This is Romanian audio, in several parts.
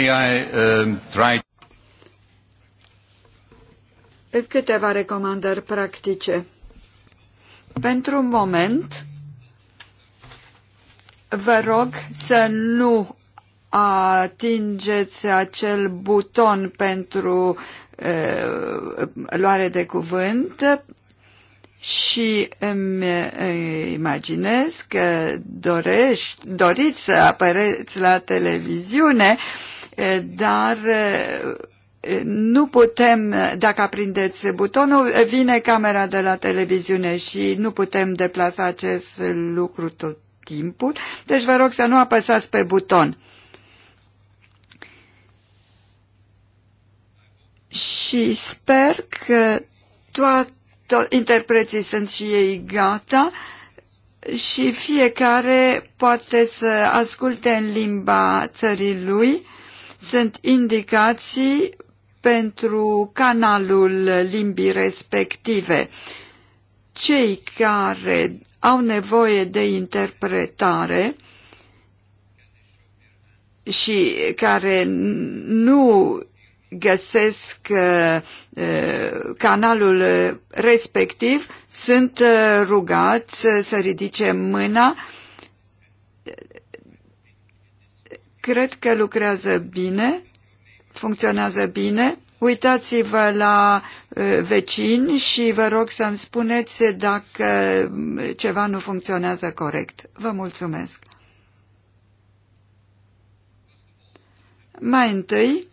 may I uh, try câteva recomandări practice. Pentru un moment, vă rog să nu atingeți acel buton pentru uh, luare de cuvânt și îmi imaginez că dorești, doriți să apăreți la televiziune uh, dar nu putem, dacă aprindeți butonul, vine camera de la televiziune și nu putem deplasa acest lucru tot timpul. Deci vă rog să nu apăsați pe buton. Și sper că toate interpreții sunt și ei gata și fiecare poate să asculte în limba țării lui sunt indicații pentru canalul limbii respective. Cei care au nevoie de interpretare și care nu găsesc uh, uh, canalul respectiv sunt uh, rugați să ridice mâna Cred că lucrează bine, funcționează bine. Uitați-vă la vecini și vă rog să-mi spuneți dacă ceva nu funcționează corect. Vă mulțumesc. Mai întâi,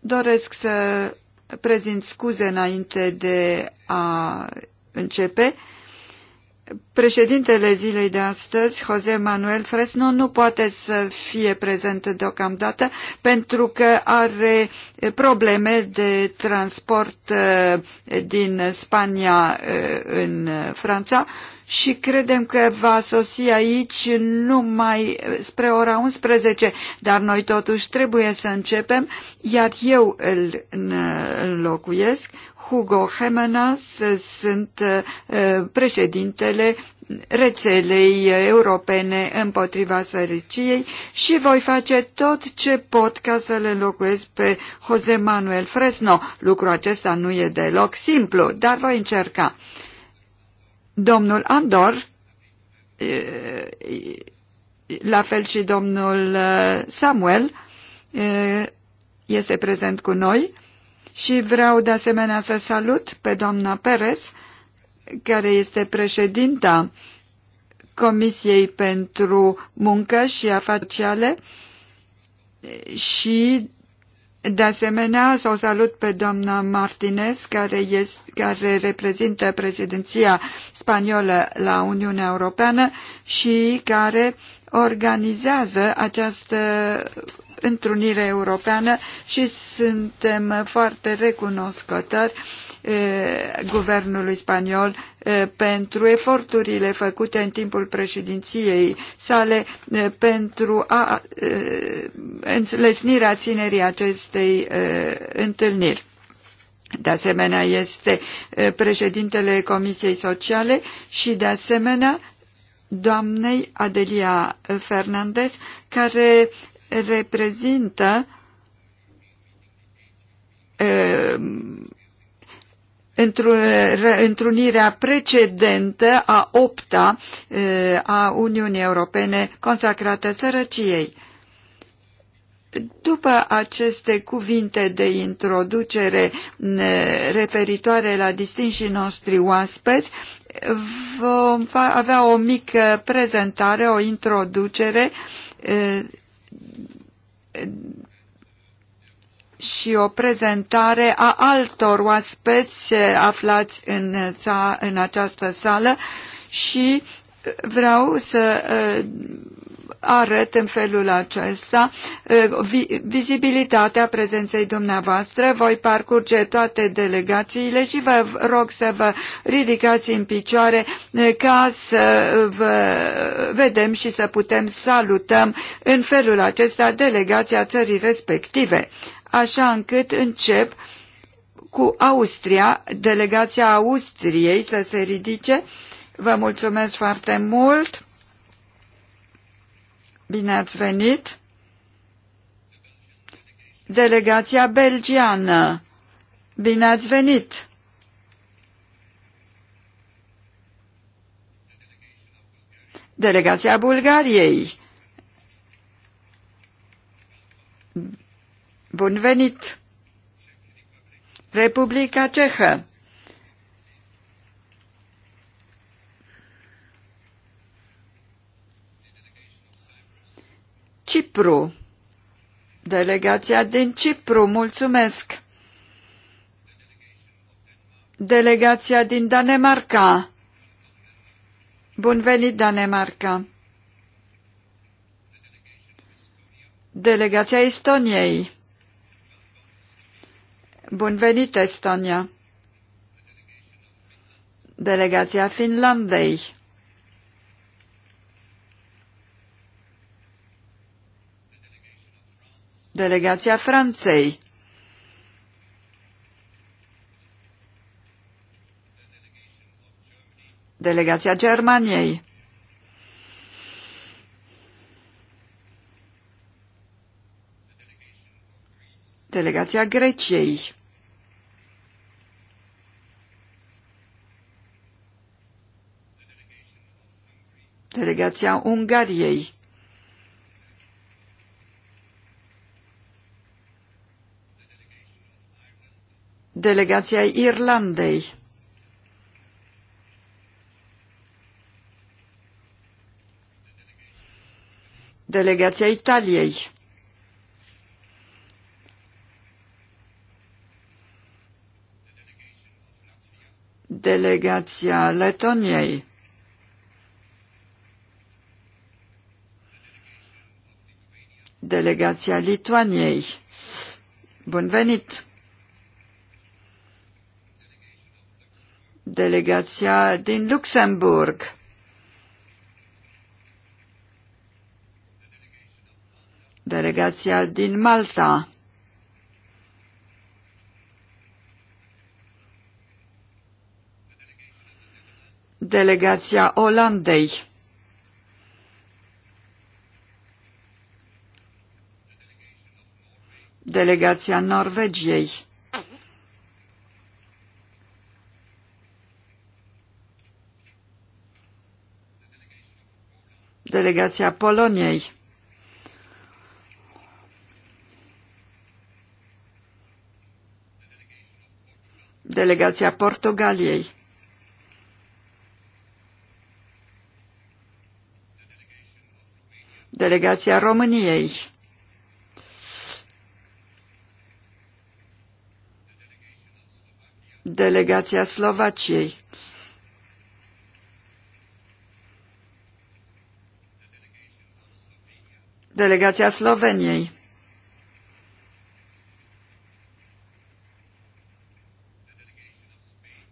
doresc să prezint scuze înainte de a începe. Președintele zilei de astăzi, Jose Manuel Fresno, nu poate să fie prezent deocamdată pentru că are probleme de transport eh, din Spania eh, în Franța și credem că va sosi aici numai spre ora 11, dar noi totuși trebuie să începem, iar eu îl înlocuiesc. Hugo Hemenas sunt uh, președintele rețelei europene împotriva sărăciei și voi face tot ce pot ca să le locuiesc pe Jose Manuel Fresno. Lucrul acesta nu e deloc simplu, dar voi încerca. Domnul Andor, la fel și domnul Samuel, este prezent cu noi și vreau de asemenea să salut pe doamna Perez, care este președinta Comisiei pentru Muncă și Afaceri și de asemenea, să o salut pe doamna Martinez, care, este, care reprezintă președinția spaniolă la Uniunea Europeană și care organizează această întrunire europeană și suntem foarte recunoscători guvernului spaniol pentru eforturile făcute în timpul președinției sale pentru a înlesnirea ținerii acestei întâlniri. De asemenea, este președintele Comisiei Sociale și, de asemenea, doamnei Adelia Fernandez, care reprezintă întrunirea precedentă a opta a Uniunii Europene consacrată sărăciei. După aceste cuvinte de introducere referitoare la distinșii noștri oaspeți, vom avea o mică prezentare, o introducere și o prezentare a altor oaspeți aflați în, în această sală și vreau să uh, arăt în felul acesta uh, vizibilitatea prezenței dumneavoastră. Voi parcurge toate delegațiile și vă rog să vă ridicați în picioare uh, ca să vă vedem și să putem salutăm în felul acesta delegația țării respective așa încât încep cu Austria, delegația Austriei să se ridice. Vă mulțumesc foarte mult! Bine ați venit! Delegația belgiană, bine ați venit! Delegația Bulgariei, Bun venit! Republica Cehă. Cipru. Delegația din Cipru, mulțumesc. Delegația din Danemarca. Bun venit, Danemarca. Delegația Estoniei. Bun venit, Estonia! Delegația Finlandei. Delegația Franței. Delegația Germaniei. Delegația Greciei. delegația Ungariei. Delegația Irlandei. Delegația Italiei. Delegația Letoniei. delegația Lituaniei. Bun venit! Delegația din Luxemburg. Delegația din Malta. Delegația Olandei. delegația Norvegiei. Delegația Poloniei. Delegația Portugaliei. Delegația României. delegația Slovaciei. Delegația Sloveniei.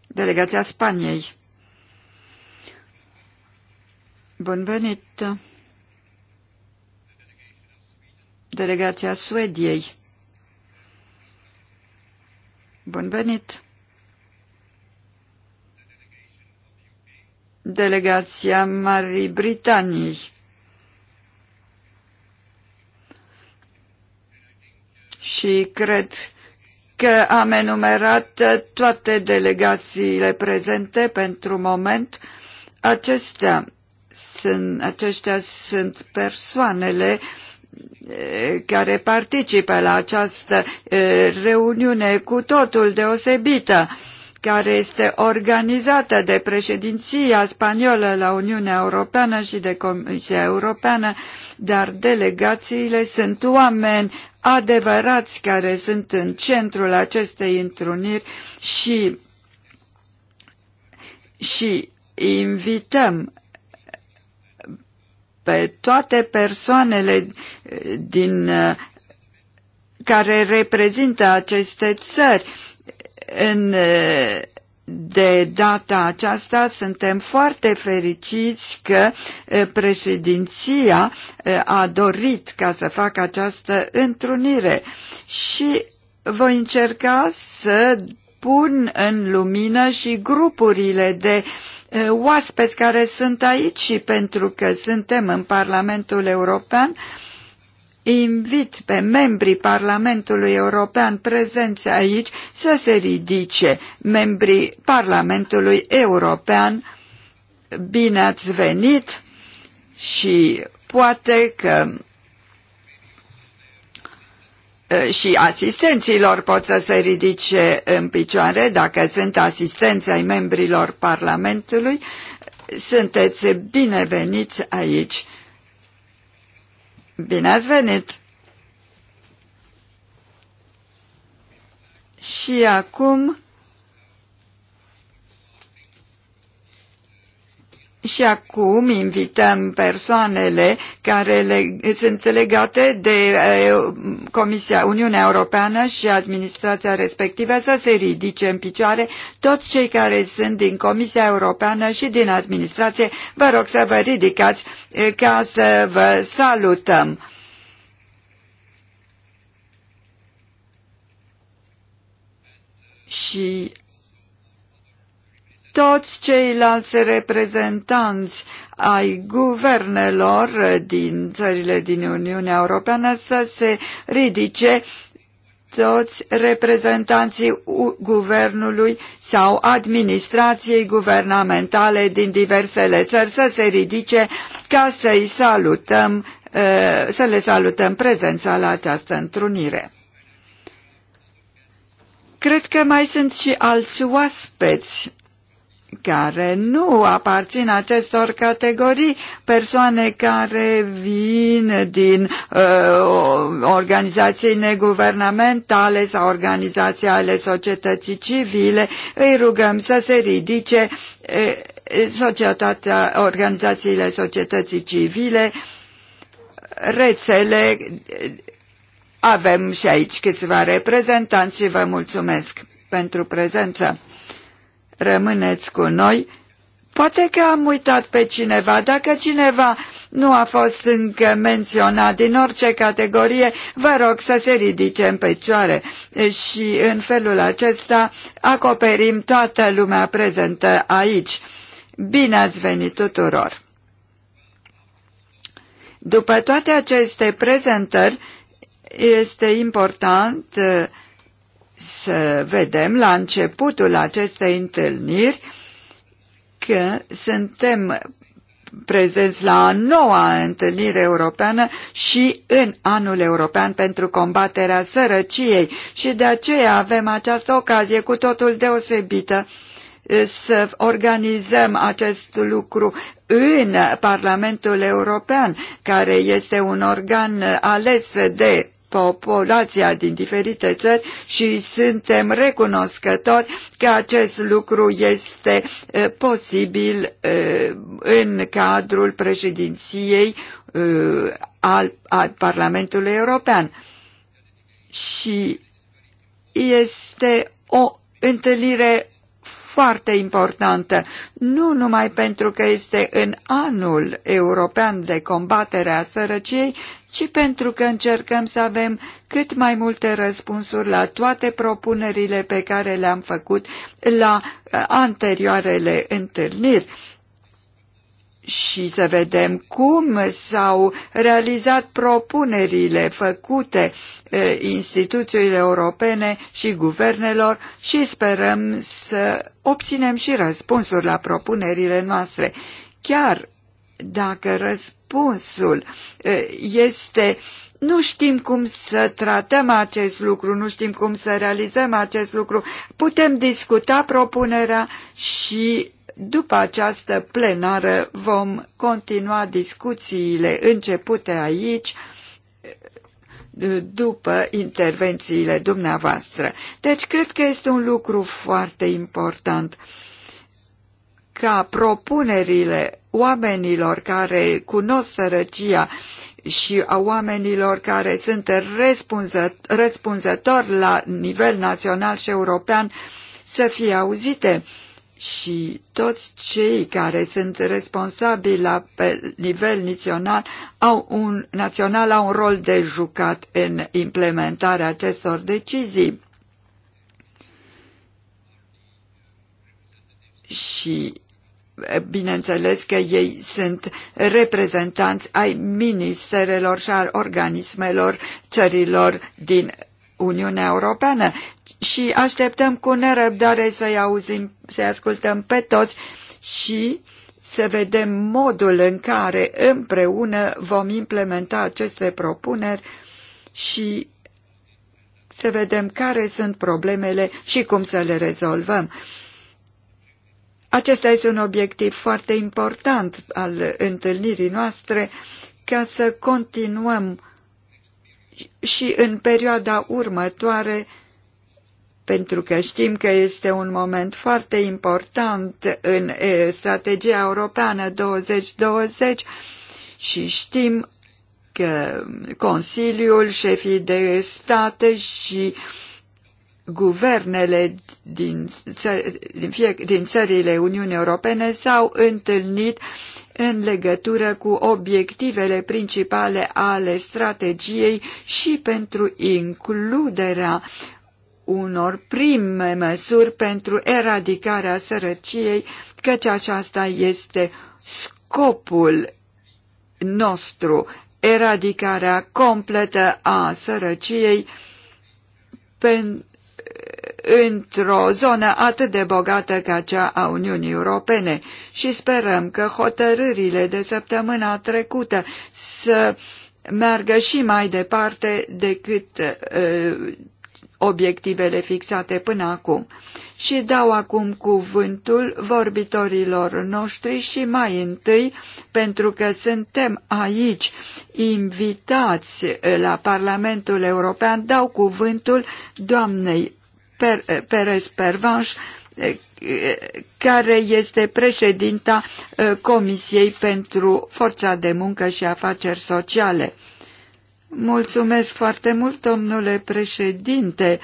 Delegația Spaniei. Bun venit! Delegația Suediei. Bun venit! delegația Marii Britanii. Și cred că am enumerat toate delegațiile prezente pentru moment. Acestea sunt, aceștia sunt persoanele care participă la această reuniune cu totul deosebită care este organizată de președinția spaniolă la Uniunea Europeană și de Comisia Europeană, dar delegațiile sunt oameni adevărați care sunt în centrul acestei întruniri și, și invităm pe toate persoanele din care reprezintă aceste țări în, de data aceasta suntem foarte fericiți că președinția a dorit ca să facă această întrunire și voi încerca să pun în lumină și grupurile de oaspeți care sunt aici și pentru că suntem în Parlamentul European, invit pe membrii Parlamentului European prezenți aici să se ridice. Membrii Parlamentului European, bine ați venit și poate că și asistenților pot să se ridice în picioare dacă sunt asistenți ai membrilor Parlamentului. Sunteți bineveniți aici Bine ați venit! Și acum Și acum invităm persoanele care le, sunt legate de Comisia Uniunea Europeană și administrația respectivă să se ridice în picioare. Toți cei care sunt din Comisia Europeană și din administrație, vă rog să vă ridicați ca să vă salutăm. Și toți ceilalți reprezentanți ai guvernelor din țările din Uniunea Europeană să se ridice toți reprezentanții guvernului sau administrației guvernamentale din diversele țări să se ridice ca să-i salutăm, să le salutăm prezența la această întrunire. Cred că mai sunt și alți oaspeți care nu aparțin acestor categorii, persoane care vin din uh, organizații neguvernamentale sau organizații ale societății civile, îi rugăm să se ridice uh, societatea, organizațiile societății civile, rețele, avem și aici câțiva reprezentanți și vă mulțumesc pentru prezență rămâneți cu noi. Poate că am uitat pe cineva. Dacă cineva nu a fost încă menționat din orice categorie, vă rog să se ridice în picioare și în felul acesta acoperim toată lumea prezentă aici. Bine ați venit tuturor! După toate aceste prezentări, este important uh, să vedem la începutul acestei întâlniri că suntem prezenți la a noua întâlnire europeană și în anul european pentru combaterea sărăciei și de aceea avem această ocazie cu totul deosebită eh, să organizăm acest lucru în Parlamentul European, care este un organ eh, ales de populația din diferite țări și suntem recunoscători că acest lucru este posibil în cadrul președinției al, al Parlamentului European. Și este o întâlnire foarte importantă, nu numai pentru că este în anul european de combatere a sărăciei, ci pentru că încercăm să avem cât mai multe răspunsuri la toate propunerile pe care le-am făcut la uh, anterioarele întâlniri și să vedem cum s-au realizat propunerile făcute uh, instituțiile europene și guvernelor și sperăm să obținem și răspunsuri la propunerile noastre. Chiar dacă răspunsul este nu știm cum să tratăm acest lucru, nu știm cum să realizăm acest lucru, putem discuta propunerea și după această plenară vom continua discuțiile începute aici după intervențiile dumneavoastră. Deci cred că este un lucru foarte important ca propunerile oamenilor care cunosc sărăcia și a oamenilor care sunt răspunzători la nivel național și european să fie auzite și toți cei care sunt responsabili la pe nivel național au, un, național au un rol de jucat în implementarea acestor decizii. Și bineînțeles că ei sunt reprezentanți ai ministerelor și al organismelor țărilor din Uniunea Europeană și așteptăm cu nerăbdare să-i auzim, să-i ascultăm pe toți și să vedem modul în care împreună vom implementa aceste propuneri și să vedem care sunt problemele și cum să le rezolvăm. Acesta este un obiectiv foarte important al întâlnirii noastre ca să continuăm și în perioada următoare, pentru că știm că este un moment foarte important în strategia europeană 2020 și știm că Consiliul, șefii de state și uh, guvernele din, din, fie, din țările Uniunii Europene s-au întâlnit în legătură cu obiectivele principale ale strategiei și pentru includerea unor prime măsuri pentru eradicarea sărăciei, căci aceasta este scopul nostru, eradicarea completă a sărăciei, pentru într-o zonă atât de bogată ca cea a Uniunii Europene și sperăm că hotărârile de săptămâna trecută să meargă și mai departe decât uh, obiectivele fixate până acum și dau acum cuvântul vorbitorilor noștri și mai întâi, pentru că suntem aici invitați la Parlamentul European, dau cuvântul doamnei per, eh, Perez Pervanș, eh, care este președinta eh, Comisiei pentru Forța de Muncă și Afaceri Sociale. Mulțumesc foarte mult, domnule președinte,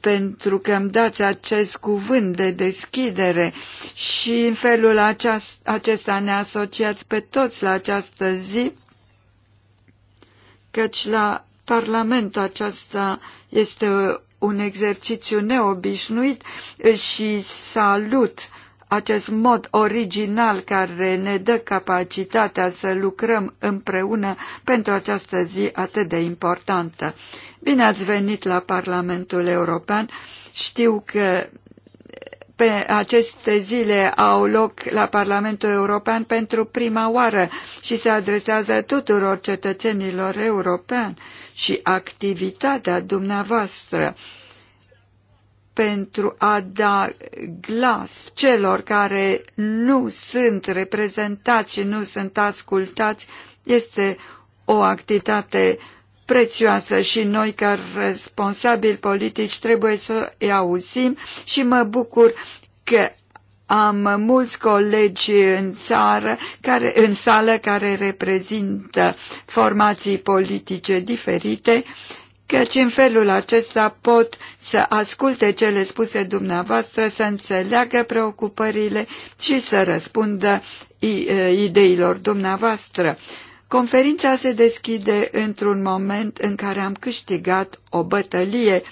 pentru că îmi dați acest cuvânt de deschidere și în felul acesta ne asociați pe toți la această zi, căci la Parlament aceasta este un exercițiu neobișnuit și salut acest mod original care ne dă capacitatea să lucrăm împreună pentru această zi atât de importantă. Bine ați venit la Parlamentul European! Știu că pe aceste zile au loc la Parlamentul European pentru prima oară și se adresează tuturor cetățenilor europeni și activitatea dumneavoastră pentru a da glas celor care nu sunt reprezentați și nu sunt ascultați este o activitate prețioasă și noi ca responsabili politici trebuie să îi auzim și mă bucur că am mulți colegi în țară, care, în sală care reprezintă formații politice diferite, căci în felul acesta pot să asculte cele spuse dumneavoastră, să înțeleagă preocupările și să răspundă ideilor dumneavoastră. Conferința se deschide într-un moment în care am câștigat o bătălie,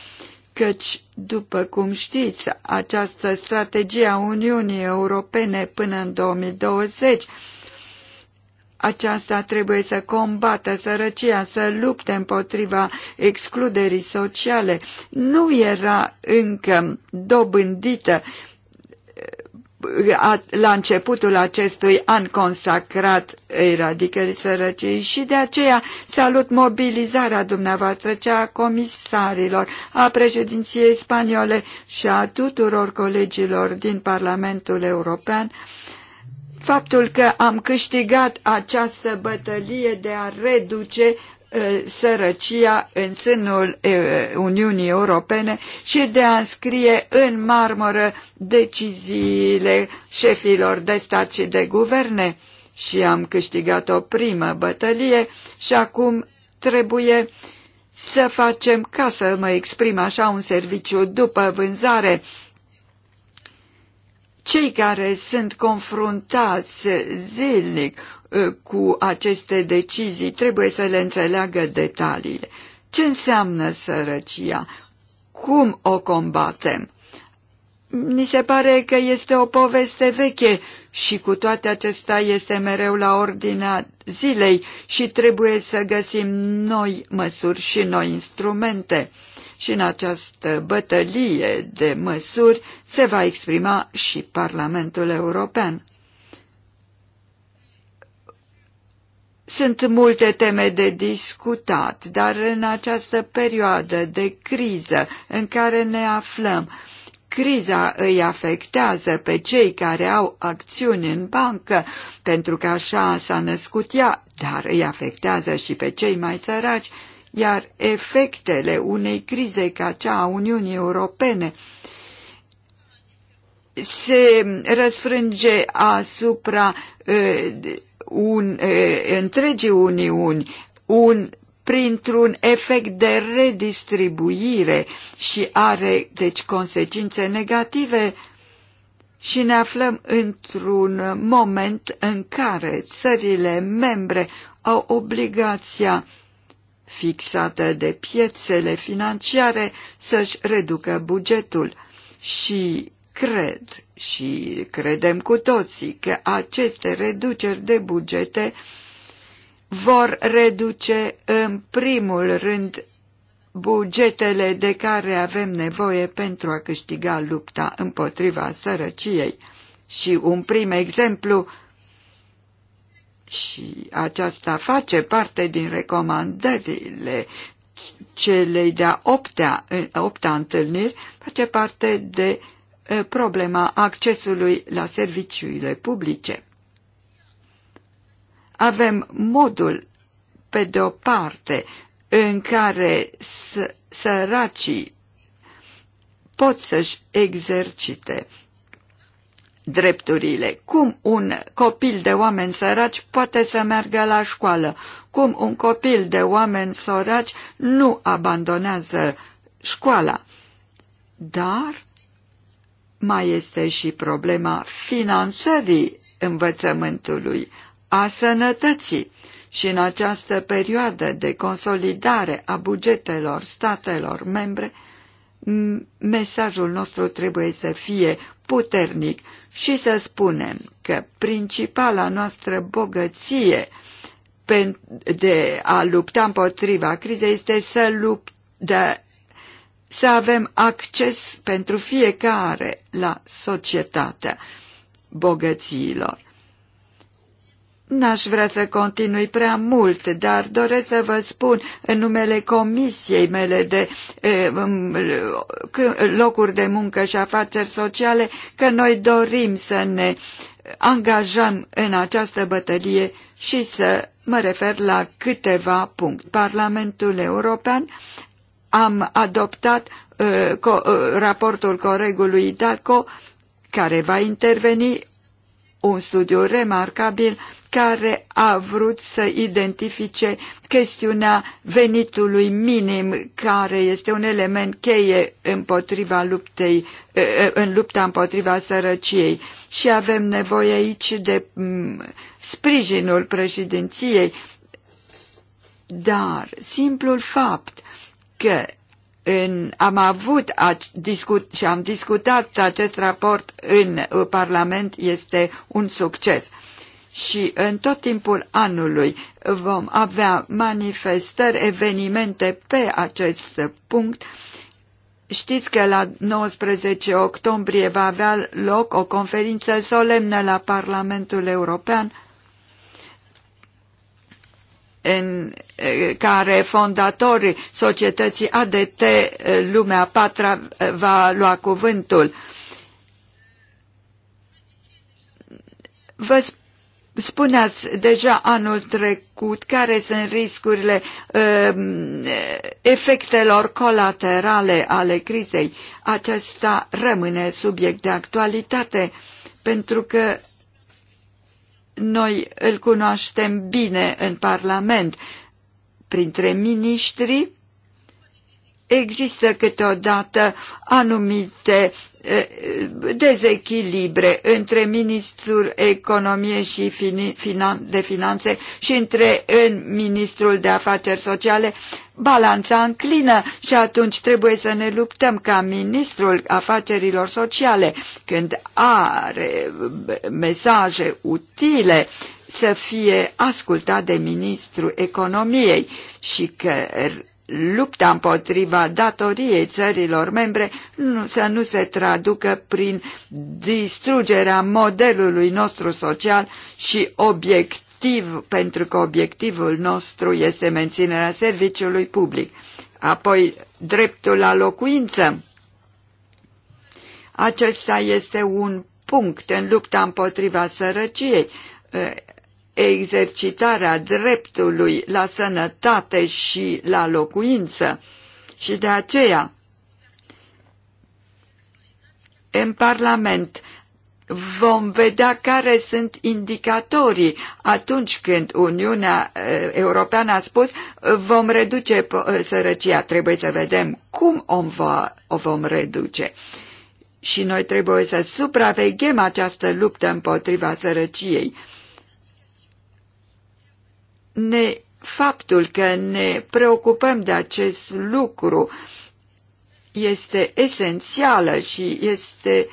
căci, după cum știți, această strategie a Uniunii Europene până în 2020 aceasta trebuie să combată sărăcia, să lupte împotriva excluderii sociale. Nu era încă dobândită la începutul acestui an consacrat eradicării sărăciei și de aceea salut mobilizarea dumneavoastră, cea a comisarilor, a președinției spaniole și a tuturor colegilor din Parlamentul European faptul că am câștigat această bătălie de a reduce sărăcia în sânul Uniunii Europene și de a înscrie în marmură deciziile șefilor de stat și de guverne. Și am câștigat o primă bătălie și acum trebuie să facem, ca să mă exprim așa, un serviciu după vânzare. Cei care sunt confruntați zilnic Uh, cu aceste decizii trebuie să le înțeleagă detaliile. Ce înseamnă sărăcia? Cum o combatem? Ni se pare că este o poveste veche și cu toate acestea este mereu la ordinea zilei și trebuie să găsim noi măsuri și noi instrumente. Și în această bătălie de măsuri se va exprima și Parlamentul European. Sunt multe teme de discutat, dar în această perioadă de criză în care ne aflăm, criza îi afectează pe cei care au acțiuni în bancă, pentru că așa s-a născut ea, dar îi afectează și pe cei mai săraci, iar efectele unei crize ca cea a Uniunii Europene se răsfrânge asupra uh, un, întregii Uniuni un, printr-un efect de redistribuire și are, deci, consecințe negative și ne aflăm într-un moment în care țările membre au obligația fixată de piețele financiare să-și reducă bugetul și cred și credem cu toții că aceste reduceri de bugete vor reduce în primul rând bugetele de care avem nevoie pentru a câștiga lupta împotriva sărăciei. Și un prim exemplu, și aceasta face parte din recomandările celei de-a optea, opta întâlniri, face parte de problema accesului la serviciile publice. Avem modul, pe de o parte, în care săracii pot să-și exercite drepturile. Cum un copil de oameni săraci poate să meargă la școală? Cum un copil de oameni săraci nu abandonează școala? Dar mai este și problema finanțării învățământului, a sănătății și în această perioadă de consolidare a bugetelor statelor membre, mesajul nostru trebuie să fie puternic și să spunem că principala noastră bogăție de a lupta împotriva crizei este să luptăm de să avem acces pentru fiecare la societatea bogățiilor. N-aș vrea să continui prea mult, dar doresc să vă spun în numele comisiei mele de e, locuri de muncă și afaceri sociale că noi dorim să ne angajăm în această bătălie și să mă refer la câteva puncte. Parlamentul European am adoptat uh, co uh, raportul colegului DACO, care va interveni, un studiu remarcabil care a vrut să identifice chestiunea venitului minim, care este un element cheie împotriva luptei, uh, uh, în lupta împotriva sărăciei. Și avem nevoie aici de mm, sprijinul președinției, dar simplul fapt că în, am avut discut, și am discutat acest raport în Parlament este un succes. Și în tot timpul anului vom avea manifestări, evenimente pe acest punct. Știți că la 19 octombrie va avea loc o conferință solemnă la Parlamentul European în eh, care fondatorii societății ADT eh, Lumea Patra eh, va lua cuvântul. Vă spuneați deja anul trecut care sunt riscurile, ehm, efectelor colaterale ale crizei. Acesta rămâne subiect de actualitate pentru că noi îl cunoaștem bine în Parlament. Printre miniștri există câteodată anumite dezechilibre între ministrul economiei și de finanțe și între în ministrul de afaceri sociale, balanța înclină și atunci trebuie să ne luptăm ca ministrul afacerilor sociale, când are mesaje utile, să fie ascultat de ministrul economiei și că lupta împotriva datoriei țărilor membre nu, să nu se traducă prin distrugerea modelului nostru social și obiectiv, pentru că obiectivul nostru este menținerea serviciului public. Apoi, dreptul la locuință. Acesta este un punct în lupta împotriva sărăciei exercitarea dreptului la sănătate și la locuință și de aceea în Parlament vom vedea care sunt indicatorii atunci când Uniunea eh, Europeană a spus vom reduce eh, sărăcia. Trebuie să vedem cum o, vom reduce. Și noi trebuie să supraveghem această luptă împotriva sărăciei ne, faptul că ne preocupăm de acest lucru este esențială și este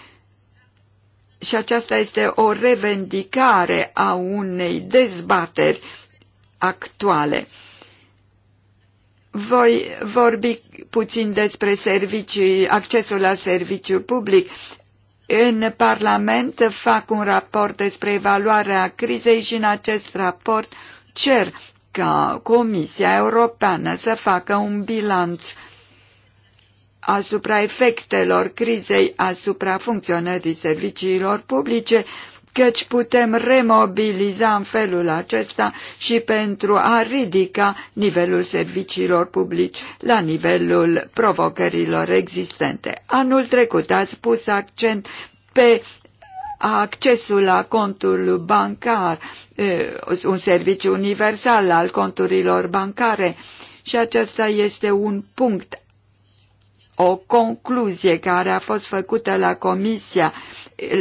și aceasta este o revendicare a unei dezbateri actuale. Voi vorbi puțin despre servicii, accesul la serviciu public. În Parlament fac un raport despre evaluarea crizei și în acest raport uh, Cer ca Comisia Europeană să facă un bilanț asupra efectelor crizei asupra funcționării serviciilor publice, căci putem remobiliza în felul acesta și pentru a ridica nivelul serviciilor publici la nivelul provocărilor existente. Anul trecut ați pus accent pe accesul la contul bancar, un serviciu universal al conturilor bancare și acesta este un punct o concluzie care a fost făcută la Comisia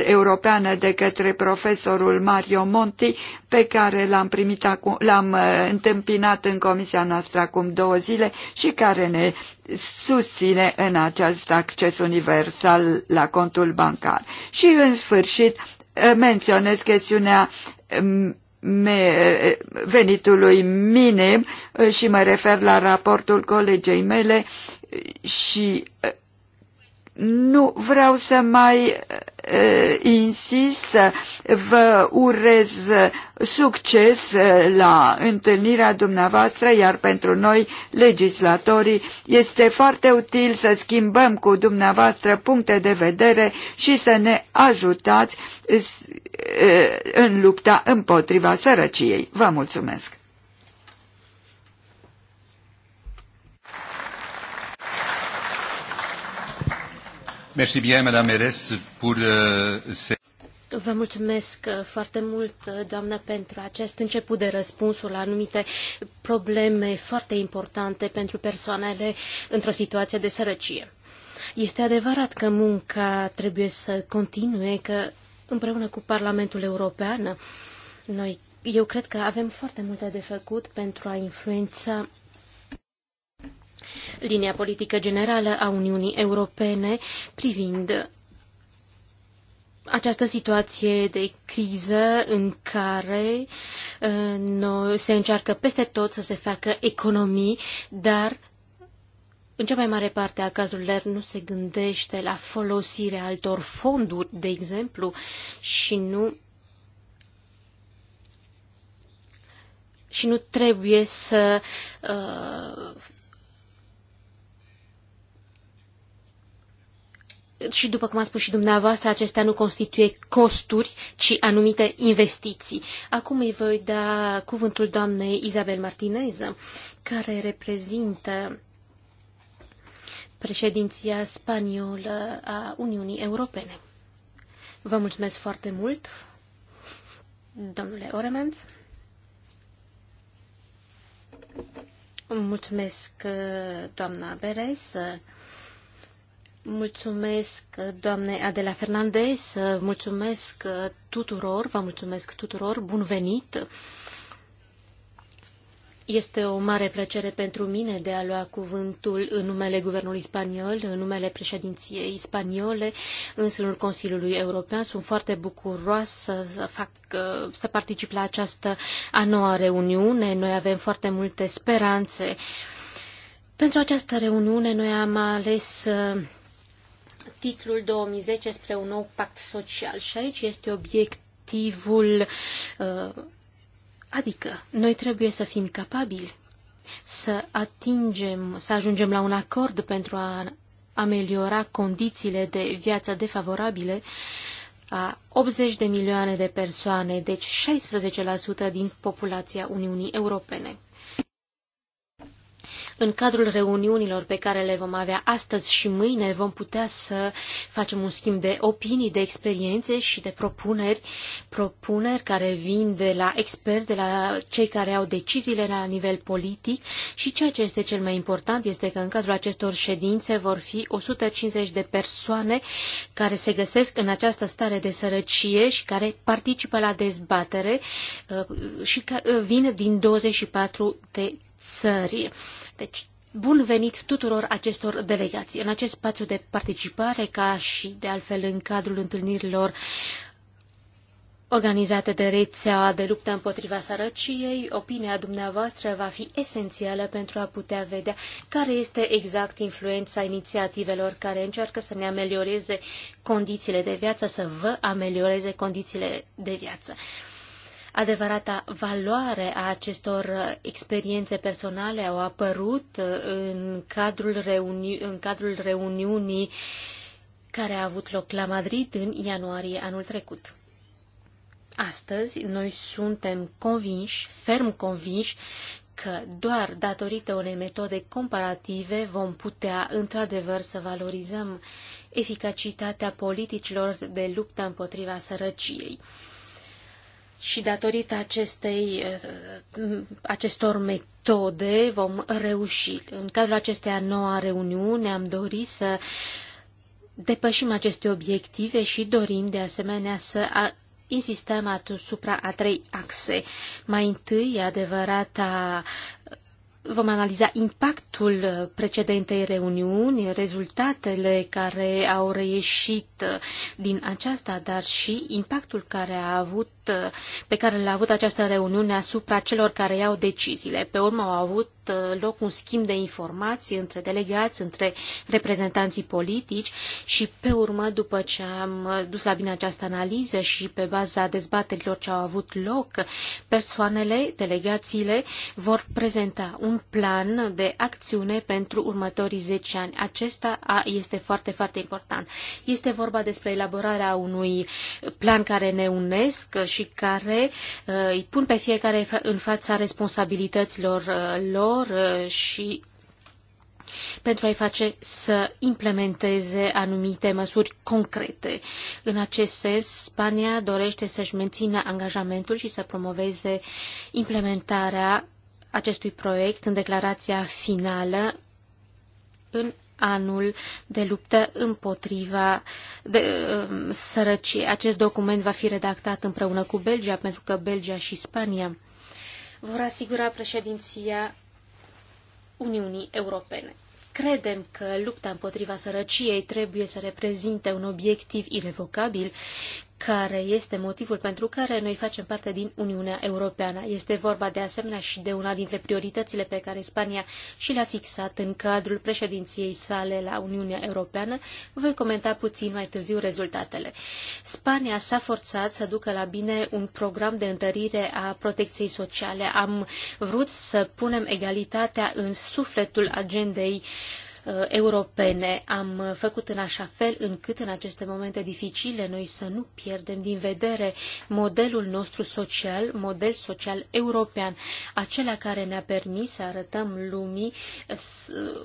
Europeană de către profesorul Mario Monti, pe care l-am, primit acum, l-am uh, întâmpinat în comisia noastră acum două zile și care ne susține în acest acces universal la contul bancar. Și în sfârșit uh, menționez chestiunea um, uh, venitului minim și mă refer la raportul colegei mele și nu vreau să mai uh, insist, vă urez succes la întâlnirea dumneavoastră, iar pentru noi, legislatorii, este foarte util să schimbăm cu dumneavoastră puncte de vedere și să ne ajutați în lupta împotriva sărăciei. Vă mulțumesc! Merci bien, Madame pour euh, Vă mulțumesc uh, foarte mult, uh, doamnă, pentru acest început de răspunsuri la anumite probleme foarte importante pentru persoanele într-o situație de sărăcie. Este adevărat că munca trebuie să continue, că împreună cu Parlamentul European, noi, eu cred că avem foarte multe de făcut pentru a influența linia politică generală a Uniunii Europene privind această situație de criză în care uh, se încearcă peste tot să se facă economii, dar în cea mai mare parte a cazurilor nu se gândește la folosirea altor fonduri, de exemplu, și nu și nu trebuie să uh, și după cum a spus și dumneavoastră, acestea nu constituie costuri, ci anumite investiții. Acum îi voi da cuvântul doamnei Isabel Martinez, care reprezintă președinția spaniolă a Uniunii Europene. Vă mulțumesc foarte mult, domnule Oremanz. Mulțumesc, doamna Beres. Mulțumesc, doamne Adela Fernandez, mulțumesc tuturor, vă mulțumesc tuturor, bun venit! Este o mare plăcere pentru mine de a lua cuvântul în numele Guvernului Spaniol, în numele președinției spaniole, în sânul Consiliului European. Sunt foarte bucuroasă să, fac, să particip la această a noua reuniune. Noi avem foarte multe speranțe. Pentru această reuniune noi am ales titlul 2010 spre un nou pact social și aici este obiectivul, uh, adică noi trebuie să fim capabili să atingem, să ajungem la un acord pentru a ameliora condițiile de viață defavorabile a 80 de milioane de persoane, deci 16% din populația Uniunii Europene. În cadrul reuniunilor pe care le vom avea astăzi și mâine, vom putea să facem un schimb de opinii, de experiențe și de propuneri, propuneri care vin de la experți, de la cei care au deciziile la nivel politic și ceea ce este cel mai important este că în cadrul acestor ședințe vor fi 150 de persoane care se găsesc în această stare de sărăcie și care participă la dezbatere uh, și uh, vin din 24 de țări. Deci, bun venit tuturor acestor delegații. În acest spațiu de participare, ca și de altfel în cadrul întâlnirilor organizate de rețea de luptă împotriva sărăciei, opinia dumneavoastră va fi esențială pentru a putea vedea care este exact influența inițiativelor care încearcă să ne amelioreze condițiile de viață, să vă amelioreze condițiile de viață adevărata valoare a acestor experiențe personale au apărut în cadrul, reuni- în cadrul reuniunii care a avut loc la Madrid în ianuarie anul trecut. Astăzi, noi suntem convinși, ferm convinși, că doar datorită unei metode comparative vom putea într-adevăr să valorizăm eficacitatea politicilor de luptă împotriva sărăciei și datorită acestei, uh, acestor metode vom reuși. În cadrul acestei a noua reuniuni am dorit să depășim aceste obiective și dorim de asemenea să insistăm asupra a trei axe. Mai întâi, adevărata Vom analiza impactul precedentei reuniuni, rezultatele care au reieșit din aceasta, dar și impactul care a avut, pe care l-a avut această reuniune asupra celor care iau deciziile. Pe urmă au avut Uh, loc un schimb de informații între delegați, între reprezentanții politici și pe urmă, după ce am uh, dus la bine această analiză și pe baza dezbaterilor ce au avut loc, persoanele, delegațiile vor prezenta un plan de acțiune pentru următorii 10 ani. Acesta este foarte, foarte important. Este vorba despre elaborarea unui plan care ne unesc și care uh, îi pun pe fiecare în fața responsabilităților lor lor uh, și pentru a-i face să implementeze anumite măsuri concrete. În acest sens, Spania dorește să-și mențină angajamentul și să promoveze implementarea acestui proiect în declarația finală în anul de luptă împotriva de, uh, sărăciei. Acest document va fi redactat împreună cu Belgia, pentru că Belgia și Spania vor asigura președinția Uniunii Europene. Credem că lupta împotriva sărăciei trebuie să reprezinte un obiectiv irevocabil care este motivul pentru care noi facem parte din Uniunea Europeană. Este vorba de asemenea și de una dintre prioritățile pe care Spania și le-a fixat în cadrul președinției sale la Uniunea Europeană. Voi comenta puțin mai târziu rezultatele. Spania s-a forțat să ducă la bine un program de întărire a protecției sociale. Am vrut să punem egalitatea în sufletul agendei uh, Uh, europene. Am făcut în așa fel încât în aceste momente dificile noi să nu pierdem din vedere modelul nostru social, model social european, acela care ne-a permis să arătăm lumii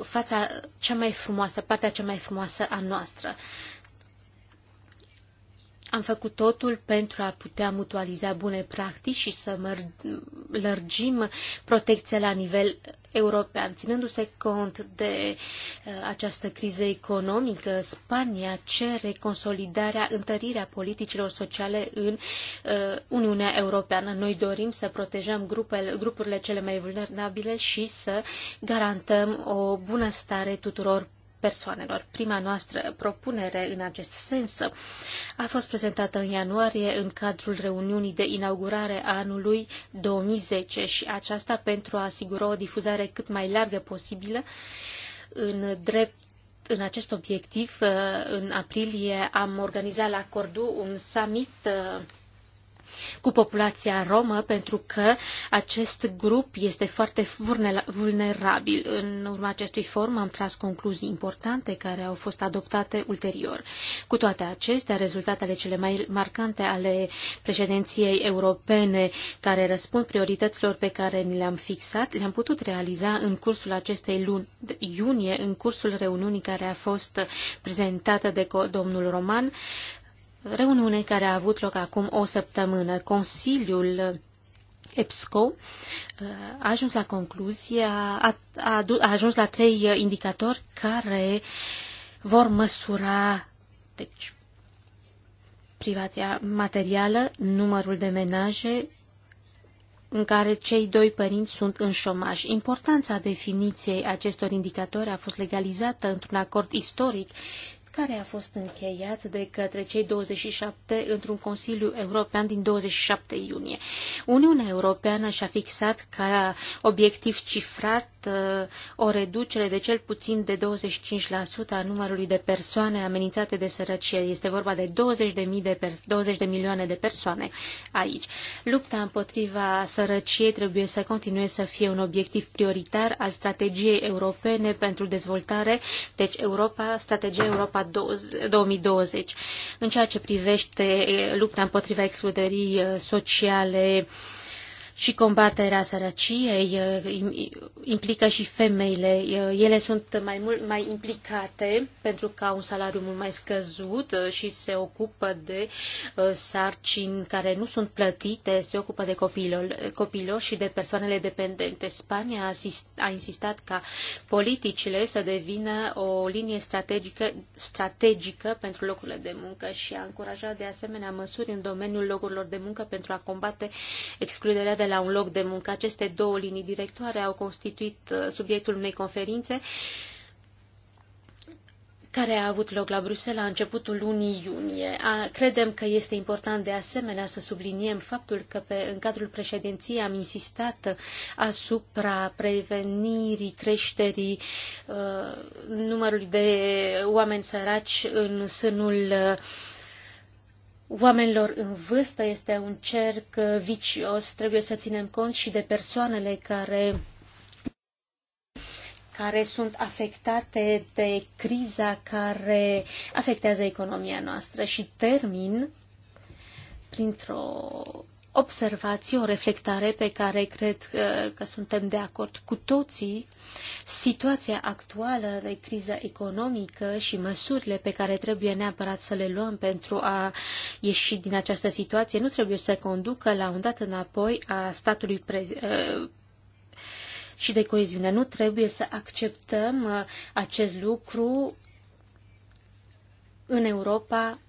fața cea mai frumoasă, partea cea mai frumoasă a noastră. Am făcut totul pentru a putea mutualiza bune practici și să lărgim protecția la nivel european. Ținându-se cont de uh, această criză economică, Spania cere consolidarea, întărirea politicilor sociale în uh, Uniunea Europeană. Noi dorim să protejăm grupele, grupurile cele mai vulnerabile și să garantăm o bună stare tuturor persoanelor. Prima noastră propunere în acest sens a fost prezentată în ianuarie în cadrul reuniunii de inaugurare a anului 2010 și aceasta pentru a asigura o difuzare cât mai largă posibilă în drept în acest obiectiv, în aprilie am organizat la Cordu un summit cu populația romă, pentru că acest grup este foarte vulnerabil. În urma acestui forum am tras concluzii importante care au fost adoptate ulterior. Cu toate acestea, rezultatele cele mai marcante ale președinției europene care răspund priorităților pe care ni le-am fixat, le-am putut realiza în cursul acestei luni iunie, în cursul reuniunii care a fost prezentată de domnul Roman, reuniune care a avut loc acum o săptămână. Consiliul EPSCO uh, a ajuns la concluzia, a, a, a ajuns la trei indicatori care vor măsura deci, privația materială, numărul de menaje în care cei doi părinți sunt în șomaj. Importanța definiției acestor indicatori a fost legalizată într-un acord istoric care a fost încheiat de către cei 27 într-un Consiliu European din 27 iunie. Uniunea Europeană și-a fixat ca obiectiv cifrat Uh, o reducere de cel puțin de 25% a numărului de persoane amenințate de sărăcie. Este vorba de 20 de, mii de, 20 de milioane de persoane aici. Lupta împotriva sărăciei trebuie să continue să fie un obiectiv prioritar al strategiei europene pentru dezvoltare, deci Europa, strategia Europa 2020. În ceea ce privește eh, lupta împotriva excluderii eh, sociale, și combaterea sărăciei implică și femeile. Ele sunt mai mult mai implicate pentru că au un salariu mult mai scăzut și se ocupă de sarcini care nu sunt plătite, se ocupă de copilor, copilul și de persoanele dependente. Spania a insistat ca politicile să devină o linie strategică, strategică pentru locurile de muncă și a încurajat de asemenea măsuri în domeniul locurilor de muncă pentru a combate excluderea de la un loc de muncă. Aceste două linii directoare au constituit uh, subiectul unei conferințe care a avut loc la Bruxelles la începutul lunii iunie. A, credem că este important de asemenea să subliniem faptul că pe, în cadrul președinției am insistat asupra prevenirii creșterii uh, numărului de oameni săraci în sânul uh, oamenilor în vârstă este un cerc uh, vicios. Trebuie să ținem cont și de persoanele care care sunt afectate de criza care afectează economia noastră și termin printr-o observație, o reflectare pe care cred că, uh, că suntem de acord cu toții. Situația actuală de criză economică și măsurile pe care trebuie neapărat să le luăm pentru a ieși din această situație nu trebuie să conducă la un dat înapoi a statului pre, uh, și de coeziune. Nu trebuie să acceptăm uh, acest lucru în Europa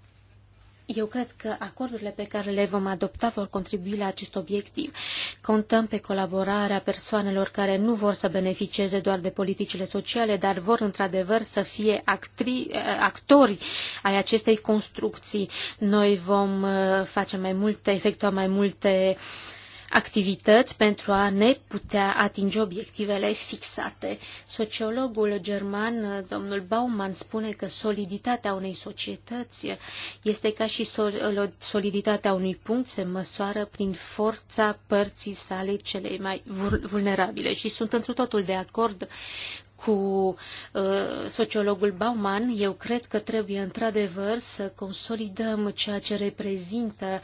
eu cred că acordurile pe care le vom adopta vor contribui la acest obiectiv. Contăm pe colaborarea persoanelor care nu vor să beneficieze doar de politicile sociale, dar vor într-adevăr să fie actri, eh, actori ai acestei construcții. Noi vom eh, face mai multe, efectua mai multe uh, activități pentru a ne putea atinge obiectivele fixate. Sociologul german, domnul Bauman, spune că soliditatea unei societăți este ca și soliditatea unui punct se măsoară prin forța părții sale cele mai vulnerabile. Și sunt într totul de acord cu uh, sociologul Bauman, eu cred că trebuie într-adevăr să consolidăm ceea ce reprezintă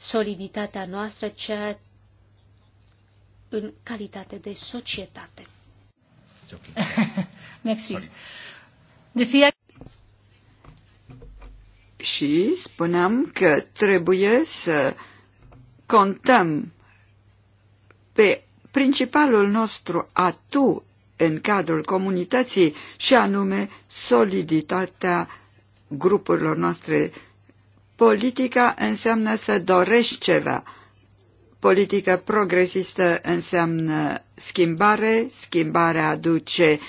soliditatea noastră, ceea în calitate de societate. Mersi. De fie... Și spuneam că trebuie să contăm pe principalul nostru atu în cadrul comunității și anume soliditatea grupurilor noastre. Politica înseamnă să dorești ceva, politică progresistă înseamnă schimbare, schimbarea aduce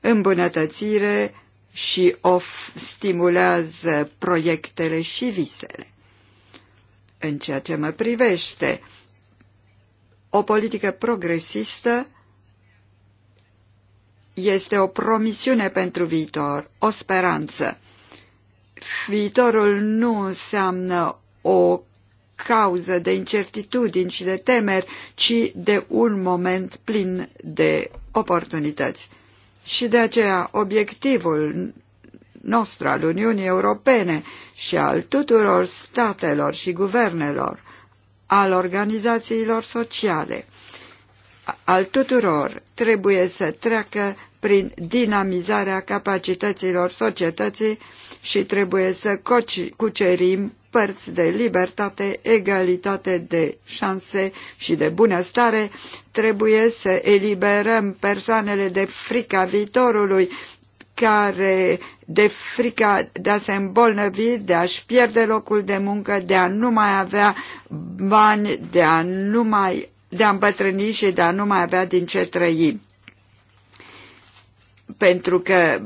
îmbunătățire și of stimulează proiectele și visele. În ceea ce mă privește, o politică progresistă este o promisiune pentru viitor, o speranță. Viitorul nu înseamnă o cauză de incertitudini și de temeri, ci de un moment plin de oportunități. Și de aceea obiectivul nostru al Uniunii Europene și al tuturor statelor și guvernelor, al organizațiilor sociale, al tuturor trebuie să treacă prin dinamizarea capacităților societății și trebuie să cucerim părți de libertate, egalitate de șanse și de bunăstare, trebuie să eliberăm persoanele de frica viitorului, care de frica de a se îmbolnăvi, de a-și pierde locul de muncă, de a nu mai avea bani, de a nu mai de a îmbătrâni și de a nu mai avea din ce trăi pentru că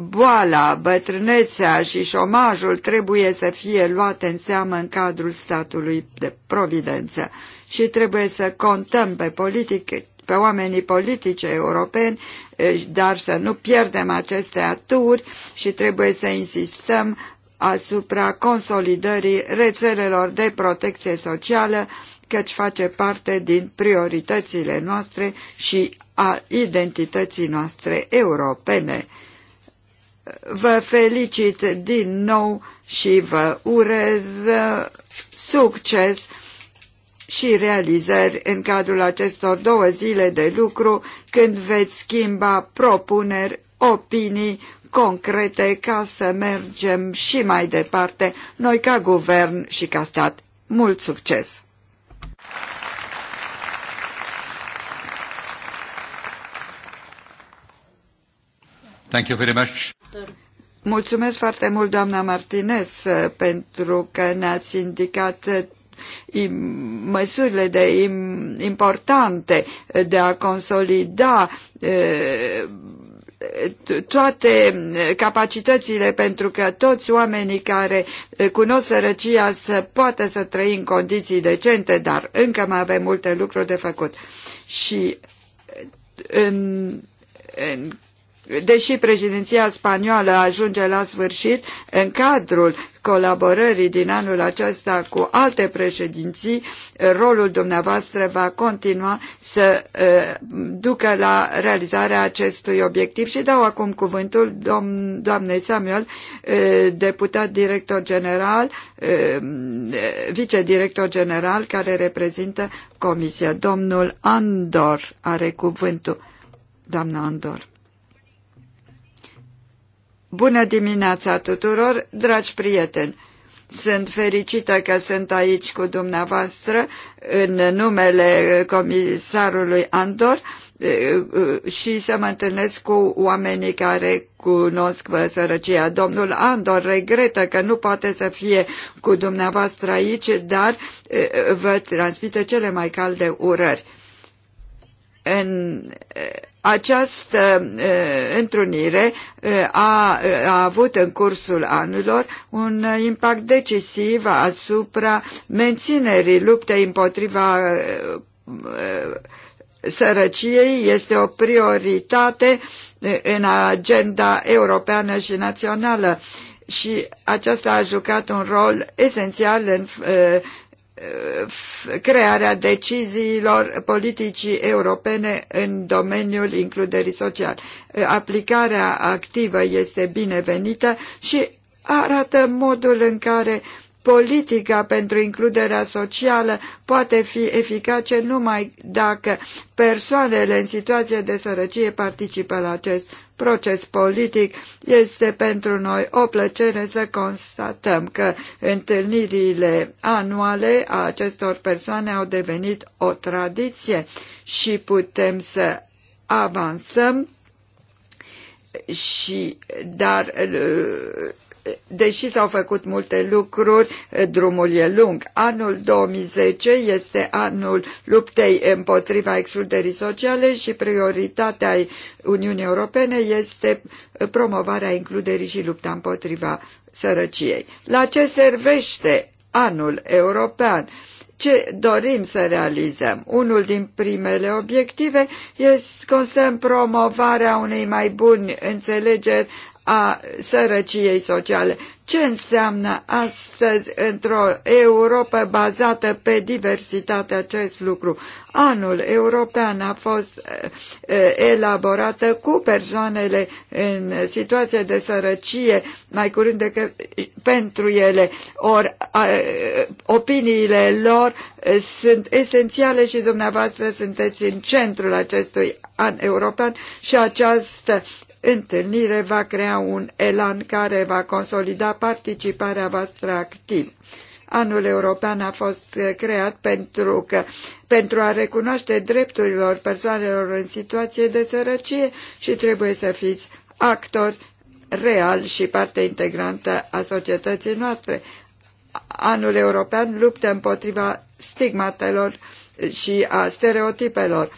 boala, bătrânețea și șomajul trebuie să fie luate în seamă în cadrul statului de providență și trebuie să contăm pe politic, pe oamenii politice europeni, eh, dar să nu pierdem aceste aturi și trebuie să insistăm asupra consolidării rețelelor de protecție socială căci face parte din prioritățile noastre și a identității noastre europene. Vă felicit din nou și vă urez succes și realizări în cadrul acestor două zile de lucru când veți schimba propuneri, opinii concrete ca să mergem și mai departe, noi ca guvern și ca stat. Mult succes! Thank you very much. Mulțumesc foarte mult, doamna Martinez, pentru că ne-ați indicat eh, măsurile de importante de a consolida eh, toate capacitățile pentru că toți oamenii care eh, cunosc sărăcia să poată să trăi în condiții decente, dar încă mai avem multe lucruri de făcut. Și în, în deși președinția spaniolă ajunge la sfârșit, în cadrul colaborării din anul acesta cu alte președinții, rolul dumneavoastră va continua să ducă la realizarea acestui obiectiv și dau acum cuvântul domn, doamnei Samuel, deputat director general, vicedirector general care reprezintă Comisia. Domnul Andor are cuvântul. Doamna Andor. Bună dimineața tuturor, dragi prieteni! Sunt fericită că sunt aici cu dumneavoastră în numele comisarului Andor și să mă întâlnesc cu oamenii care cunosc sărăcia. Domnul Andor regretă că nu poate să fie cu dumneavoastră aici, dar vă transmite cele mai calde urări. În, această întrunire a, a avut în cursul anilor un impact decisiv asupra menținerii luptei împotriva sărăciei este o prioritate în agenda europeană și națională și aceasta a jucat un rol esențial în crearea deciziilor politicii europene în domeniul includerii sociale. Aplicarea activă este binevenită și arată modul în care politica pentru includerea socială poate fi eficace numai dacă persoanele în situație de sărăcie participă la acest proces politic, este pentru noi o plăcere să constatăm că întâlnirile anuale a acestor persoane au devenit o tradiție și putem să avansăm și dar deși s-au făcut multe lucruri, eh, drumul e lung. Anul 2010 este anul luptei împotriva excluderii sociale și prioritatea Uniunii Europene este eh, promovarea includerii și lupta împotriva sărăciei. La ce servește anul european? ce dorim să realizăm. Unul din primele obiective este constă în promovarea unei mai buni înțelegeri a sărăciei sociale. Ce înseamnă astăzi într-o Europa bazată pe diversitate acest lucru? Anul european a fost eh, eh, elaborată cu persoanele în situație de sărăcie mai curând decât pentru ele. Or, eh, opiniile lor sunt esențiale și dumneavoastră sunteți în centrul acestui an european și această întâlnire va crea un elan care va consolida participarea voastră activă. Anul european a fost creat pentru, că, pentru a recunoaște drepturilor persoanelor în situație de sărăcie și trebuie să fiți actor real și parte integrantă a societății noastre. Anul european luptă împotriva stigmatelor și a stereotipelor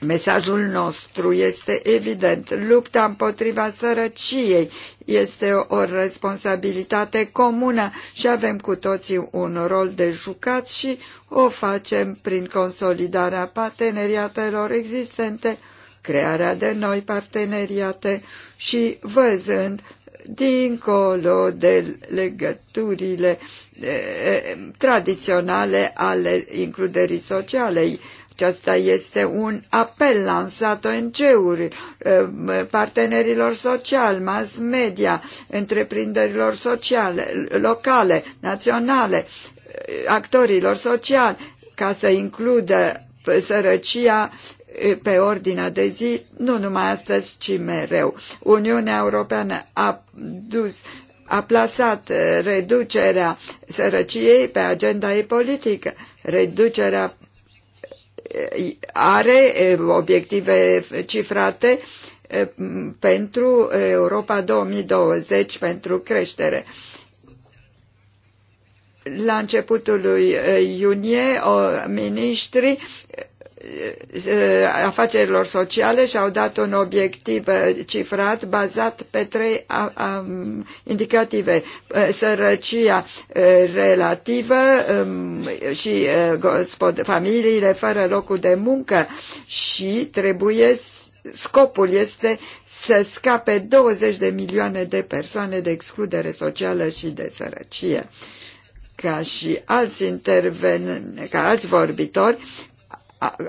Mesajul nostru este evident. Lupta împotriva sărăciei este o responsabilitate comună și avem cu toții un rol de jucat și o facem prin consolidarea parteneriatelor existente, crearea de noi parteneriate și văzând dincolo de legăturile eh, eh tradiționale ale includerii socialei aceasta este un apel lansat ONG-uri, eh, partenerilor sociali, mass media, întreprinderilor sociale, locale, naționale, eh, actorilor sociali, ca să includă sărăcia eh, pe ordinea de zi, nu numai astăzi, ci mereu. Uniunea Europeană a dus a plasat reducerea sărăciei pe agenda ei politică, reducerea are obiective cifrate pentru Europa 2020 pentru creștere. La începutul lui iunie, ministrii Eh, afacerilor sociale și-au dat un obiectiv eh, cifrat bazat pe trei indicative. Eh, sărăcia relativă și familiile fără locul de muncă și trebuie, scopul este să scape 20 de milioane de persoane de excludere socială și de sărăcie ca și alți interven, ca alți vorbitori,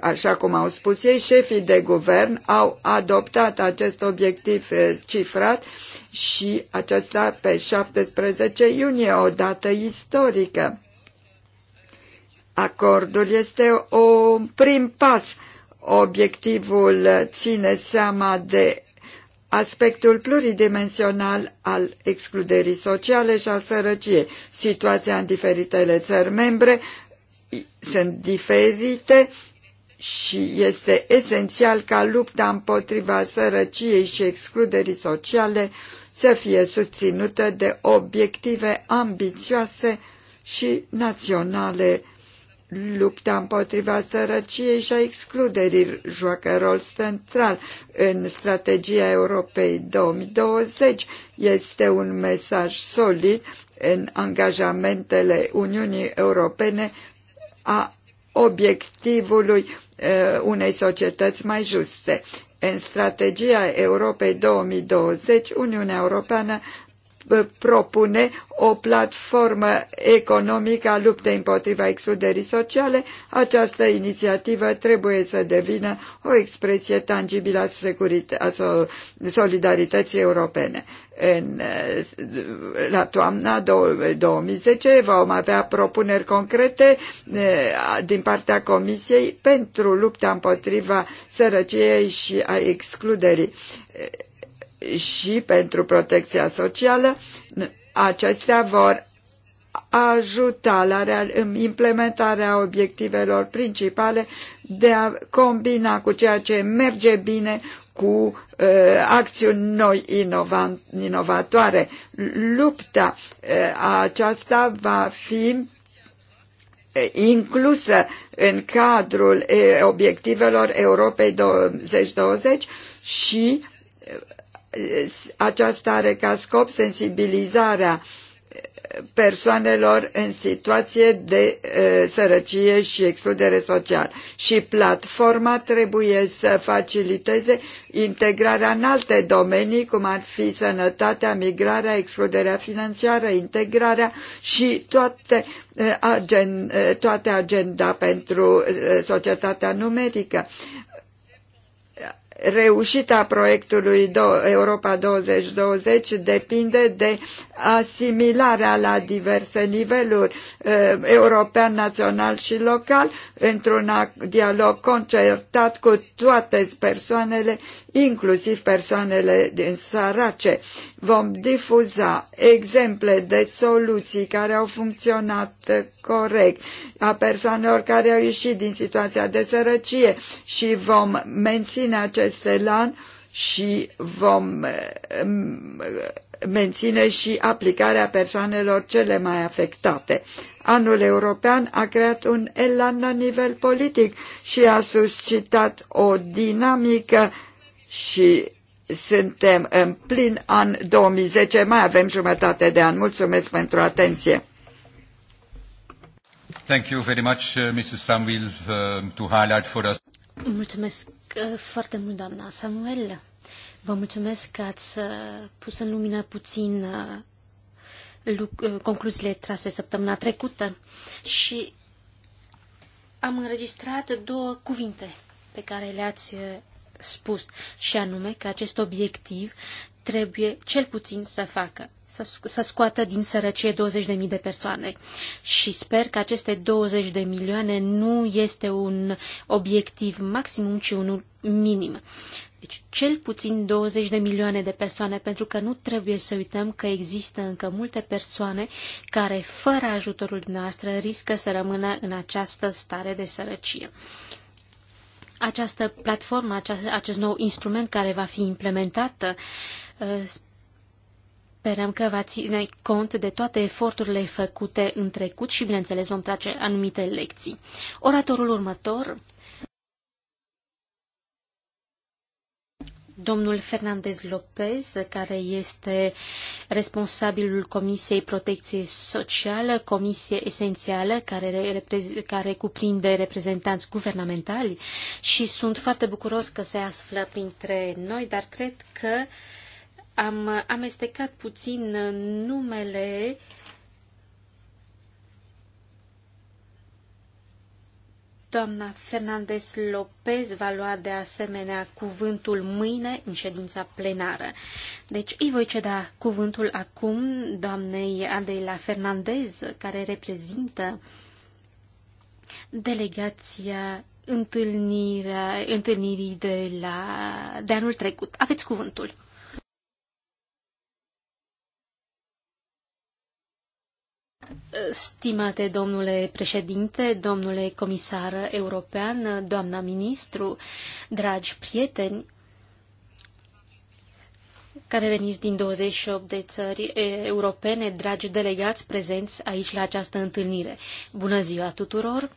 așa cum au spus ei, șefii de guvern au adoptat acest obiectiv eh, cifrat și acesta pe 17 iunie, o dată istorică. Acordul este un prim pas. Obiectivul ține seama de aspectul pluridimensional al excluderii sociale și al sărăciei. Situația în diferitele țări membre sunt diferite și este esențial ca lupta împotriva sărăciei și excluderii sociale să fie susținută de obiective ambițioase și naționale. Lupta împotriva sărăciei și a excluderii joacă rol central în strategia Europei 2020. Este un mesaj solid în angajamentele Uniunii Europene a obiectivului Uh, unei societăți mai juste. În strategia Europei 2020, Uniunea Europeană Uh, propune o platformă economică a luptei împotriva excluderii sociale, această inițiativă trebuie să devină o expresie tangibilă a, a solidarității europene. În, uh, la toamna 2010 vom avea propuneri concrete uh, din partea Comisiei pentru lupta împotriva sărăciei și a excluderii și pentru protecția socială, acestea vor ajuta la implementarea obiectivelor principale de a combina cu ceea ce merge bine cu uh, acțiuni noi inova inovatoare. Lupta uh, aceasta va fi uh, inclusă în cadrul uh, obiectivelor Europei 2020 și aceasta are ca scop sensibilizarea persoanelor în situație de uh, sărăcie și excludere socială. Și platforma trebuie să faciliteze integrarea în alte domenii, cum ar fi sănătatea, migrarea, excluderea financiară, integrarea și toate, agen, toate agenda pentru societatea numerică reușita proiectului Europa 2020 depinde de asimilarea la diverse niveluri european, național și local într-un dialog concertat cu toate persoanele, inclusiv persoanele din sărace. Vom difuza exemple de soluții care au funcționat corect a persoanelor care au ieșit din situația de sărăcie și vom menține acest peste LAN și vom mm, menține și aplicarea persoanelor cele mai afectate. Anul european a creat un elan la nivel politic și a suscitat o dinamică și suntem în plin an 2010, mai avem jumătate de an. Mulțumesc pentru atenție. Thank you very much, uh, Mrs. uh, to highlight for us. Mulțumesc Uh, foarte mult, doamna Samuel. Vă mulțumesc că ați uh, pus în lumină puțin uh, concluziile trase săptămâna trecută și am înregistrat două cuvinte pe care le-ați spus, și anume că acest obiectiv trebuie cel puțin să facă să, să scoată din sărăcie 20.000 de persoane. Și sper că aceste 20 de milioane nu este un obiectiv maximum, ci unul minim. Deci cel puțin 20 de milioane de persoane, pentru că nu trebuie să uităm că există încă multe persoane care, fără ajutorul noastră, riscă să rămână în această stare de sărăcie această platformă, acest nou instrument care va fi implementat, uh, Sperăm că va ține cont de toate eforturile făcute în trecut și, bineînțeles, vom trage anumite lecții. Oratorul următor, domnul Fernandez Lopez, care este responsabilul Comisiei Protecție Socială, comisie esențială care, care cuprinde reprezentanți guvernamentali și sunt foarte bucuros că se află printre noi, dar cred că uh, am amestecat puțin numele Doamna Fernandez Lopez va lua de asemenea cuvântul mâine în ședința plenară. Deci îi voi ceda cuvântul acum doamnei Adela Fernandez, care reprezintă delegația întâlnirii de, la, de anul trecut. Aveți cuvântul. Stimate domnule președinte, domnule comisar european, doamna ministru, dragi prieteni, care veniți din 28 de țări europene, dragi delegați prezenți aici la această întâlnire. Bună ziua tuturor!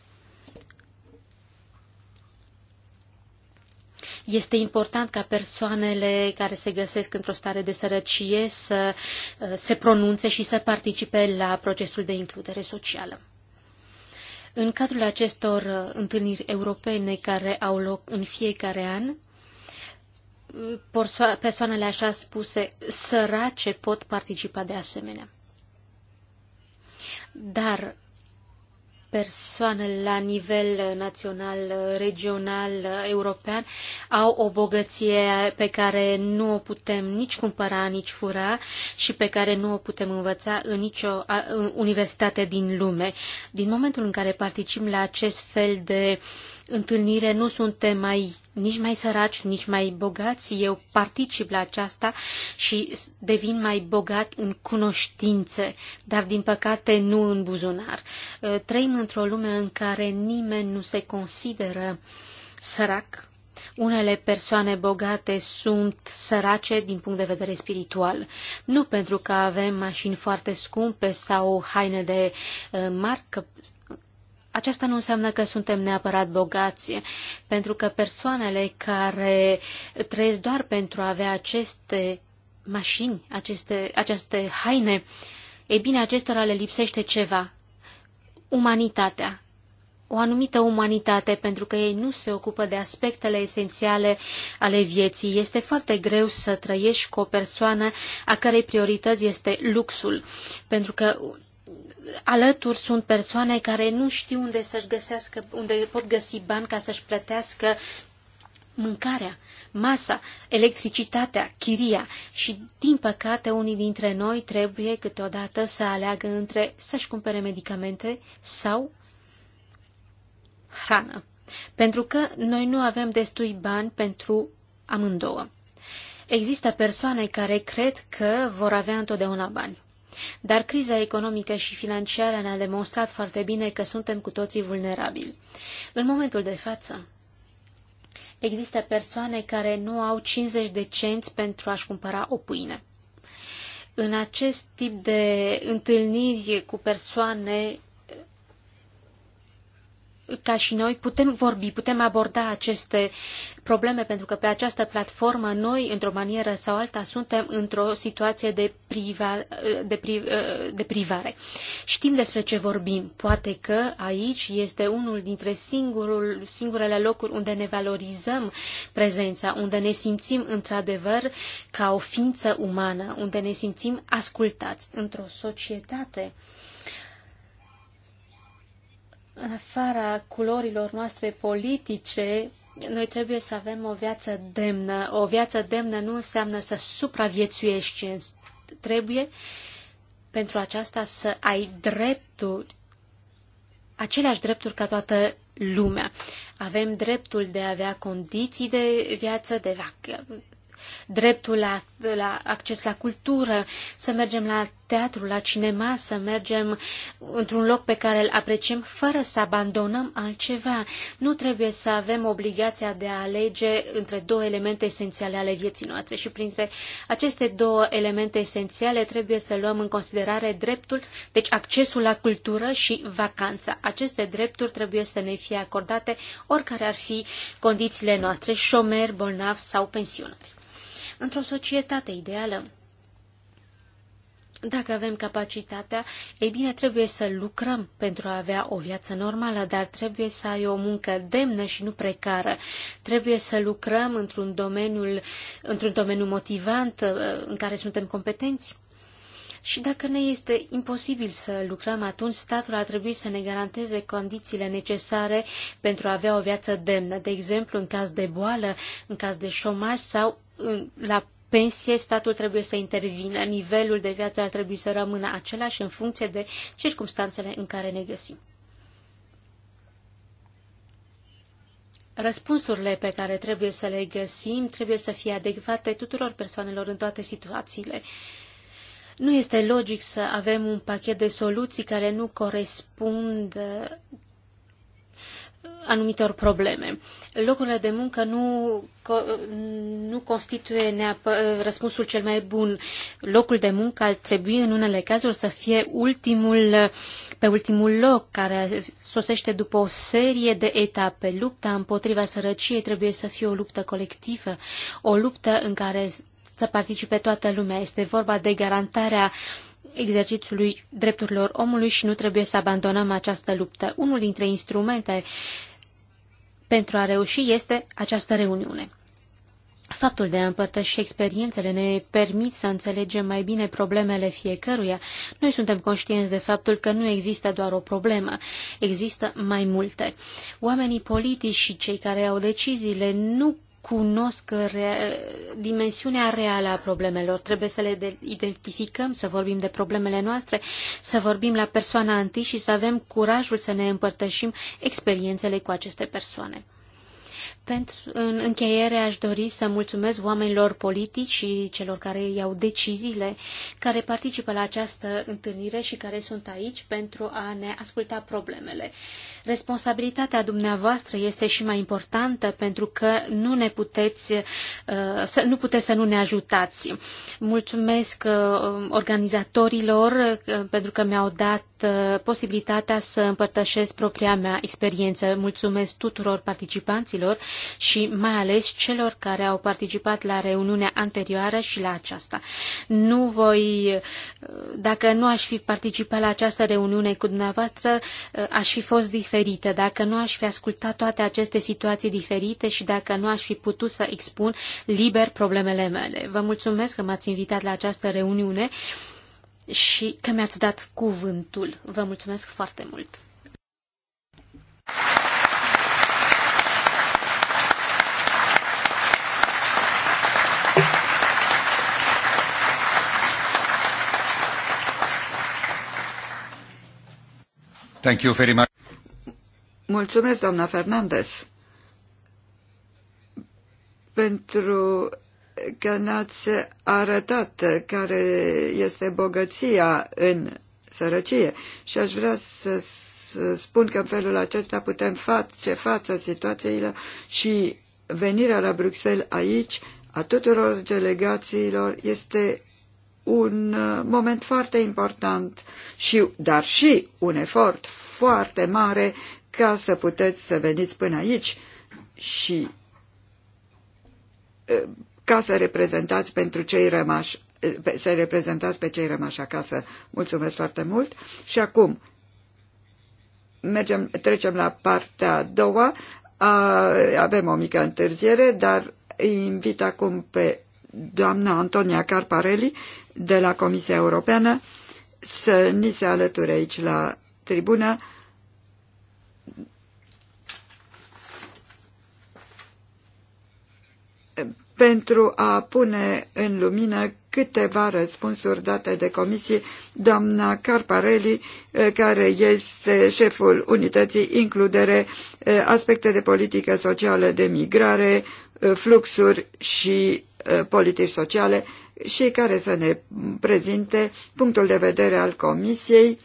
Este important ca persoanele care se găsesc într-o stare de sărăcie să uh, se pronunțe și să participe la procesul de includere socială. În cadrul acestor uh, întâlniri europene care au loc în fiecare an, uh, persoanele așa spuse sărace pot participa de asemenea. Dar persoanele la nivel național, regional, european au o bogăție pe care nu o putem nici cumpăra, nici fura și pe care nu o putem învăța în nicio universitate din lume. Din momentul în care participăm la acest fel de întâlnire, nu suntem mai nici mai săraci, nici mai bogați, eu particip la aceasta și devin mai bogat în cunoștințe, dar din păcate nu în buzunar. Uh, trăim într-o lume în care nimeni nu se consideră sărac. Unele persoane bogate sunt sărace din punct de vedere spiritual. Nu pentru că avem mașini foarte scumpe sau haine de uh, marcă aceasta nu înseamnă că suntem neapărat bogați, pentru că persoanele care trăiesc doar pentru a avea aceste mașini, aceste, aceste haine, e bine, acestora le lipsește ceva. Umanitatea. O anumită umanitate, pentru că ei nu se ocupă de aspectele esențiale ale vieții. Este foarte greu să trăiești cu o persoană a cărei priorități este luxul, pentru că alături sunt persoane care nu știu unde să-și găsească, unde pot găsi bani ca să-și plătească mâncarea, masa, electricitatea, chiria și, din păcate, unii dintre noi trebuie câteodată să aleagă între să-și cumpere medicamente sau hrană, pentru că noi nu avem destui bani pentru amândouă. Există persoane care cred că vor avea întotdeauna bani. Dar criza economică și financiară ne-a demonstrat foarte bine că suntem cu toții vulnerabili. În momentul de față, există persoane care nu au 50 de cenți pentru a-și cumpăra o pâine. În acest tip de întâlniri cu persoane ca și noi putem vorbi, putem aborda aceste probleme, pentru că pe această platformă noi, într-o manieră sau alta, suntem într-o situație de, priva, de, pri, de privare. Știm despre ce vorbim. Poate că aici este unul dintre singurul, singurele locuri unde ne valorizăm prezența, unde ne simțim într-adevăr ca o ființă umană, unde ne simțim ascultați într-o societate în afara culorilor noastre politice, noi trebuie să avem o viață demnă. O viață demnă nu înseamnă să supraviețuiești, trebuie pentru aceasta să ai drepturi, aceleași drepturi ca toată lumea. Avem dreptul de a avea condiții de viață, de a dreptul la, la acces la cultură, să mergem la teatru, la cinema, să mergem într-un loc pe care îl apreciem fără să abandonăm altceva. Nu trebuie să avem obligația de a alege între două elemente esențiale ale vieții noastre și printre aceste două elemente esențiale trebuie să luăm în considerare dreptul, deci accesul la cultură și vacanța. Aceste drepturi trebuie să ne fie acordate oricare ar fi condițiile noastre, șomeri, bolnavi sau pensionari într-o societate ideală. Dacă avem capacitatea, ei bine, trebuie să lucrăm pentru a avea o viață normală, dar trebuie să ai o muncă demnă și nu precară. Trebuie să lucrăm într-un domeniu, într domeniu motivant uh, în care suntem competenți. Și dacă ne este imposibil să lucrăm, atunci statul ar trebui să ne garanteze condițiile necesare pentru a avea o viață demnă, de exemplu în caz de boală, în caz de șomaj sau la pensie statul trebuie să intervină, nivelul de viață ar trebui să rămână același în funcție de circumstanțele în care ne găsim. Răspunsurile pe care trebuie să le găsim trebuie să fie adecvate tuturor persoanelor în toate situațiile. Nu este logic să avem un pachet de soluții care nu corespund anumitor probleme. Locurile de muncă nu, nu constituie neapă, răspunsul cel mai bun. Locul de muncă ar trebui în unele cazuri să fie ultimul, pe ultimul loc, care sosește după o serie de etape. Lupta împotriva sărăciei trebuie să fie o luptă colectivă, o luptă în care să participe toată lumea. Este vorba de garantarea uh, exercițiului drepturilor omului și nu trebuie să abandonăm această luptă. Unul dintre instrumente pentru a reuși este această reuniune. Faptul de a împărtăși experiențele ne permit să înțelegem mai bine problemele fiecăruia. Noi suntem conștienți de faptul că nu există doar o problemă, există mai multe. Oamenii politici și cei care au deciziile nu cunosc rea dimensiunea reală a problemelor. Trebuie să le identificăm, să vorbim de problemele noastre, să vorbim la persoana întâi și să avem curajul să ne împărtășim experiențele cu aceste persoane. Pentru, în încheiere aș dori să mulțumesc oamenilor politici și celor care iau deciziile, care participă la această întâlnire și care sunt aici pentru a ne asculta problemele. Responsabilitatea dumneavoastră este și mai importantă pentru că nu ne puteți, uh, să, nu puteți să nu ne ajutați. Mulțumesc uh, organizatorilor uh, pentru că mi-au dat posibilitatea să împărtășesc propria mea experiență. Mulțumesc tuturor participanților și mai ales celor care au participat la reuniunea anterioară și la aceasta. Nu voi, dacă nu aș fi participat la această reuniune cu dumneavoastră, aș fi fost diferită, dacă nu aș fi ascultat toate aceste situații diferite și dacă nu aș fi putut să expun liber problemele mele. Vă mulțumesc că m-ați invitat la această reuniune și că mi-ați dat cuvântul. Vă mulțumesc foarte mult! Thank you very much. Mulțumesc, doamna Fernandez, pentru că ne-ați arătat care este bogăția în sărăcie și aș vrea să spun că în felul acesta putem face față situațiilor și venirea la Bruxelles aici a tuturor delegațiilor este un uh, moment foarte important, și, dar și un efort foarte mare ca să puteți să veniți până aici și uh, ca să reprezentați pentru cei rămași uh, să reprezentați pe cei rămași acasă. Mulțumesc foarte mult. Și acum mergem, trecem la partea a doua. Avem o mică întârziere, dar invit acum pe doamna Antonia Carparelli de la Comisia Europeană să ni se alăture aici la tribună. pentru a pune în lumină câteva răspunsuri date de comisie doamna Carparelli, eh, care este șeful unității includere, eh, aspecte de politică socială de migrare, eh, fluxuri și politici sociale și care să ne prezinte punctul de vedere al Comisiei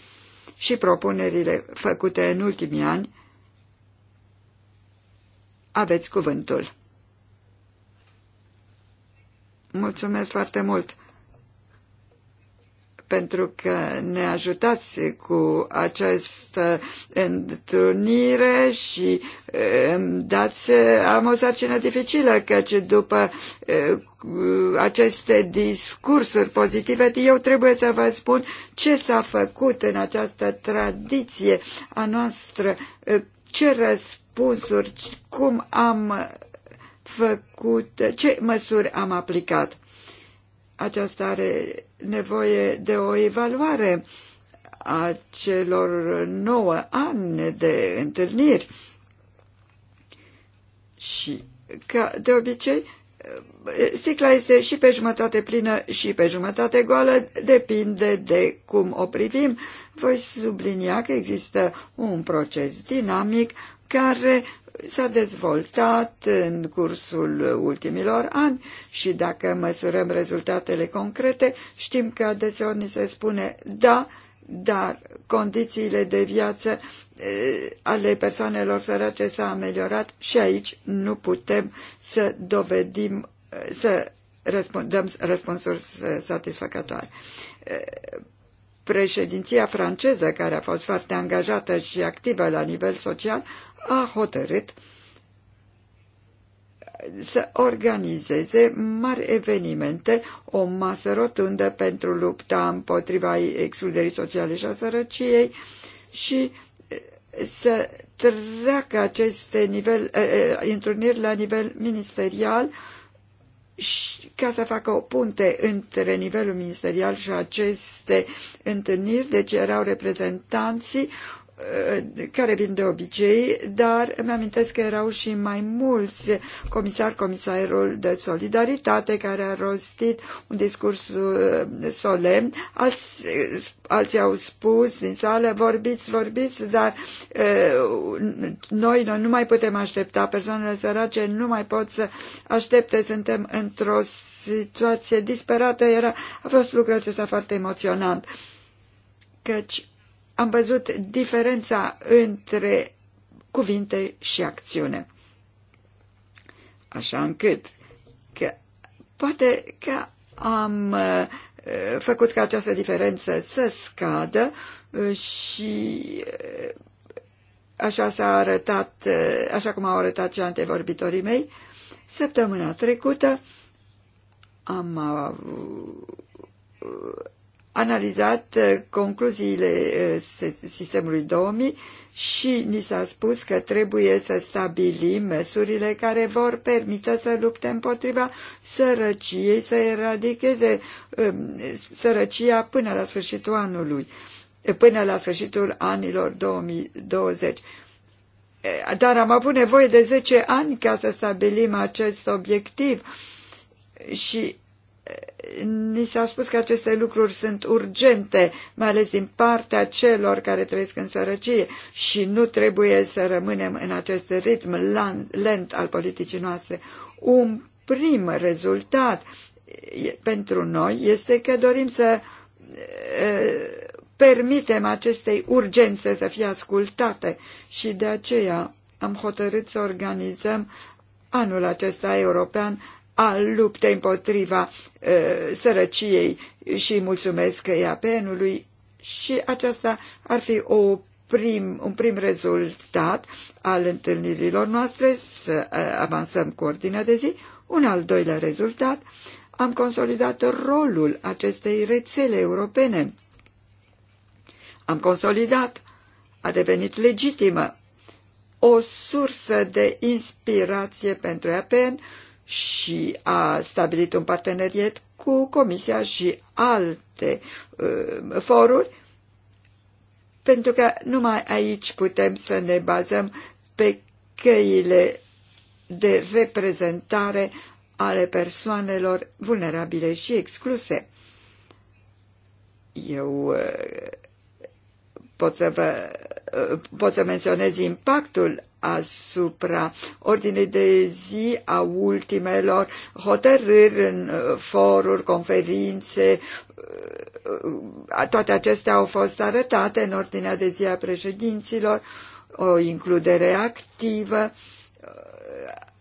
și propunerile făcute în ultimii ani. Aveți cuvântul. Mulțumesc foarte mult! pentru că ne ajutați cu această întrunire și eh, dați, am o sarcină dificilă, căci după eh, aceste discursuri pozitive, eu trebuie să vă spun ce s-a făcut în această tradiție a noastră, eh, ce răspunsuri, cum am făcut, ce măsuri am aplicat aceasta are nevoie de o evaluare a celor nouă ani de întâlniri. Și, ca de obicei, sticla este și pe jumătate plină și pe jumătate goală, depinde de cum o privim. Voi sublinia că există un proces dinamic care s-a dezvoltat în cursul ultimilor ani și dacă măsurăm rezultatele concrete, știm că adeseori ni se spune da, dar condițiile de viață ale persoanelor sărace s-a ameliorat și aici nu putem să dovedim, să dăm răspunsuri satisfăcătoare președinția franceză, care a fost foarte angajată și activă la nivel social, a hotărât să organizeze mari evenimente, o masă rotundă pentru lupta împotriva excluderii sociale și a sărăciei și eh, să treacă aceste nivel, eh, eh, întruniri la nivel ministerial și ca să facă o punte între nivelul ministerial și aceste întâlniri, deci erau reprezentanții Eh, care vin de obicei, dar îmi amintesc că erau și mai mulți comisari, comisarul de solidaritate care a rostit un discurs eh, solemn. Alți, alții au spus din sală, vorbiți, vorbiți, dar eh, noi, noi nu mai putem aștepta, persoanele sărace nu mai pot să aștepte, suntem într-o situație disperată, era, a fost lucrul acesta foarte emoționant. Căci am văzut diferența între cuvinte și acțiune. Așa încât că poate că am uh, făcut ca această diferență să scadă uh, și uh, așa s-a arătat, așa cum au arătat cei antevorbitorii mei, săptămâna trecută am analizat uh, concluziile uh, sistemului 2000 și ni s-a spus că trebuie să stabilim măsurile care vor permite să lupte împotriva sărăciei, să eradicheze um, sărăcia până la sfârșitul anului, până la sfârșitul anilor 2020. Uh, dar am avut nevoie de 10 ani ca să stabilim acest obiectiv și ni s-a spus că aceste lucruri sunt urgente, mai ales din partea celor care trăiesc în sărăcie și nu trebuie să rămânem în acest ritm lent al politicii noastre. Un prim rezultat pentru noi este că dorim să permitem acestei urgențe să fie ascultate și de aceea am hotărât să organizăm anul acesta european a luptei împotriva uh, sărăciei și mulțumesc ea penului și aceasta ar fi o prim, un prim rezultat al întâlnirilor noastre, să avansăm cu ordinea de zi. Un al doilea rezultat, am consolidat rolul acestei rețele europene. Am consolidat, a devenit legitimă, o sursă de inspirație pentru APN și a stabilit un parteneriat cu Comisia și alte uh, foruri, pentru că numai aici putem să ne bazăm pe căile de reprezentare ale persoanelor vulnerabile și excluse. Eu uh, pot să, vă, uh, pot să menționez impactul asupra ordinei de zi a ultimelor hotărâri în uh, foruri, conferințe, uh, uh, toate acestea au fost arătate în ordinea de zi a președinților, o includere activă,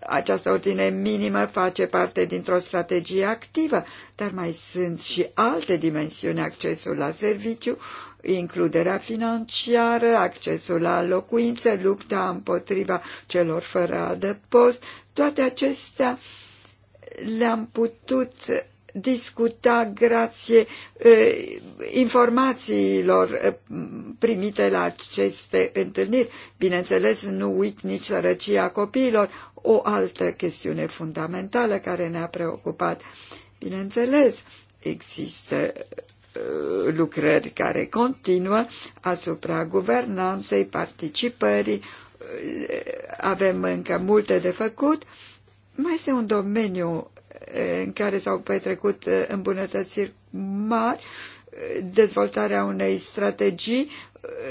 această ordine minimă face parte dintr-o strategie activă, dar mai sunt și alte dimensiuni, accesul la serviciu, includerea financiară, accesul la locuințe, lupta împotriva celor fără adăpost, toate acestea le-am putut discuta grație uh, informațiilor primite la aceste întâlniri. Bineînțeles, nu uit nici sărăcia copiilor, o altă chestiune fundamentală care ne-a preocupat. Bineînțeles, există lucrări care continuă asupra guvernanței, participării. Avem încă multe de făcut. Mai este un domeniu eh, în care s-au petrecut eh, îmbunătățiri mari, dezvoltarea unei strategii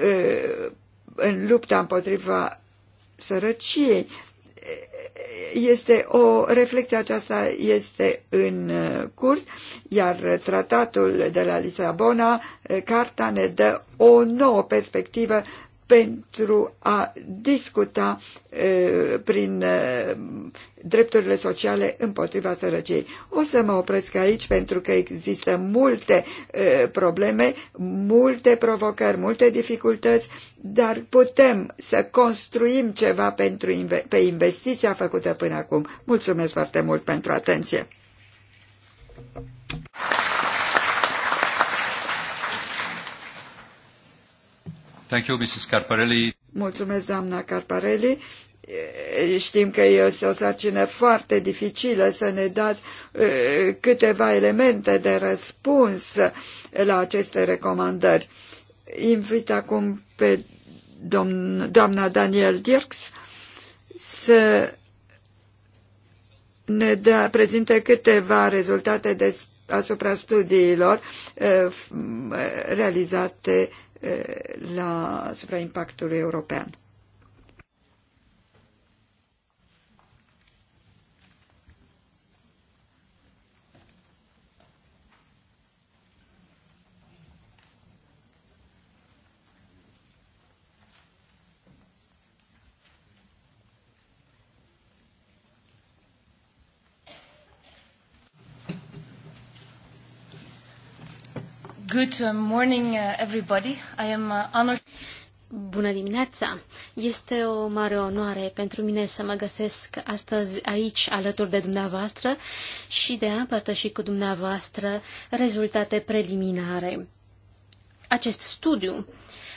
eh, în lupta împotriva sărăciei este o reflexie aceasta este în uh, curs, iar tratatul de la Lisabona, uh, carta ne dă o nouă perspectivă pentru a discuta prin drepturile sociale împotriva sărăciei. O să mă opresc aici pentru că există multe probleme, multe provocări, multe dificultăți, dar putem să construim ceva pentru, pe investiția făcută până acum. Mulțumesc foarte mult pentru atenție! Thank you, Mrs. Carparelli. Mulțumesc, doamna Carparelli. Știm că este o sarcină foarte dificilă să ne dați câteva elemente de răspuns la aceste recomandări. Invit acum pe domn, doamna Daniel Dirks să ne dea, prezinte câteva rezultate de, asupra studiilor realizate Eh, la asupra impactului european. Good uh, morning, uh, everybody. I am honored. Uh, Bună dimineața! Este o mare onoare pentru mine să mă găsesc astăzi aici alături de dumneavoastră și de a împărtăși cu dumneavoastră rezultate preliminare. Acest studiu uh,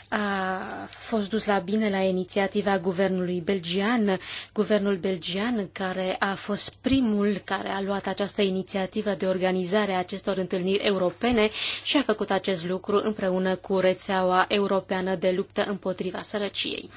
a fost dus la bine la inițiativa guvernului belgian, guvernul belgian care a fost primul care a luat această inițiativă de organizare a acestor întâlniri europene și a făcut acest lucru împreună cu rețeaua europeană de luptă împotriva sărăciei.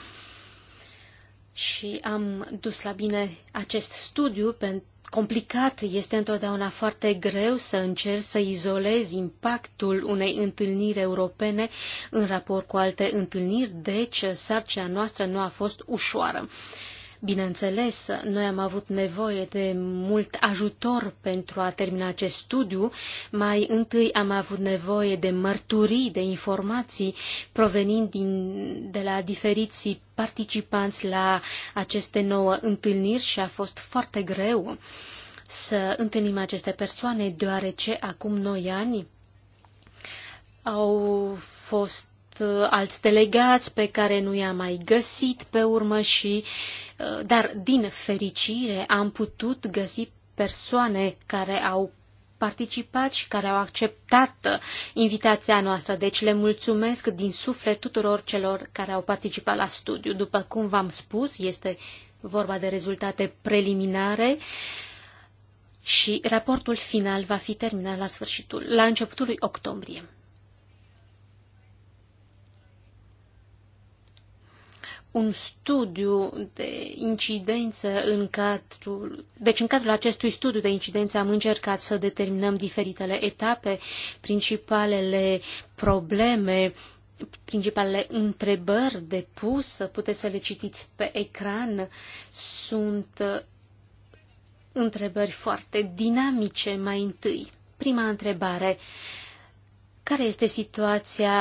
Și am dus la bine acest studiu pentru complicat, este întotdeauna foarte greu să încerci să izolezi impactul unei întâlniri europene în raport cu alte întâlniri, deci sarcina noastră nu a fost ușoară. Uh, Bineînțeles, noi am avut nevoie de mult ajutor pentru a termina acest studiu. Mai întâi am avut nevoie de mărturii, de informații provenind din, de la diferiți participanți la aceste nouă întâlniri și a fost foarte greu să întâlnim aceste persoane, deoarece acum noi ani au fost Uh, alți delegați pe care nu i-am mai găsit pe urmă și, uh, dar din fericire am putut găsi persoane care au participat și care au acceptat uh, invitația noastră. Deci le mulțumesc din suflet tuturor celor care au participat la studiu. După cum v-am spus, este vorba de rezultate preliminare și raportul final va fi terminat la sfârșitul, la începutul lui octombrie. un studiu de incidență în cadrul... Deci, în cadrul acestui studiu de incidență am încercat să determinăm diferitele etape, principalele probleme, principalele întrebări de pus, puteți să le citiți pe ecran, sunt uh, întrebări foarte dinamice mai întâi. Prima întrebare. Uh, care este situația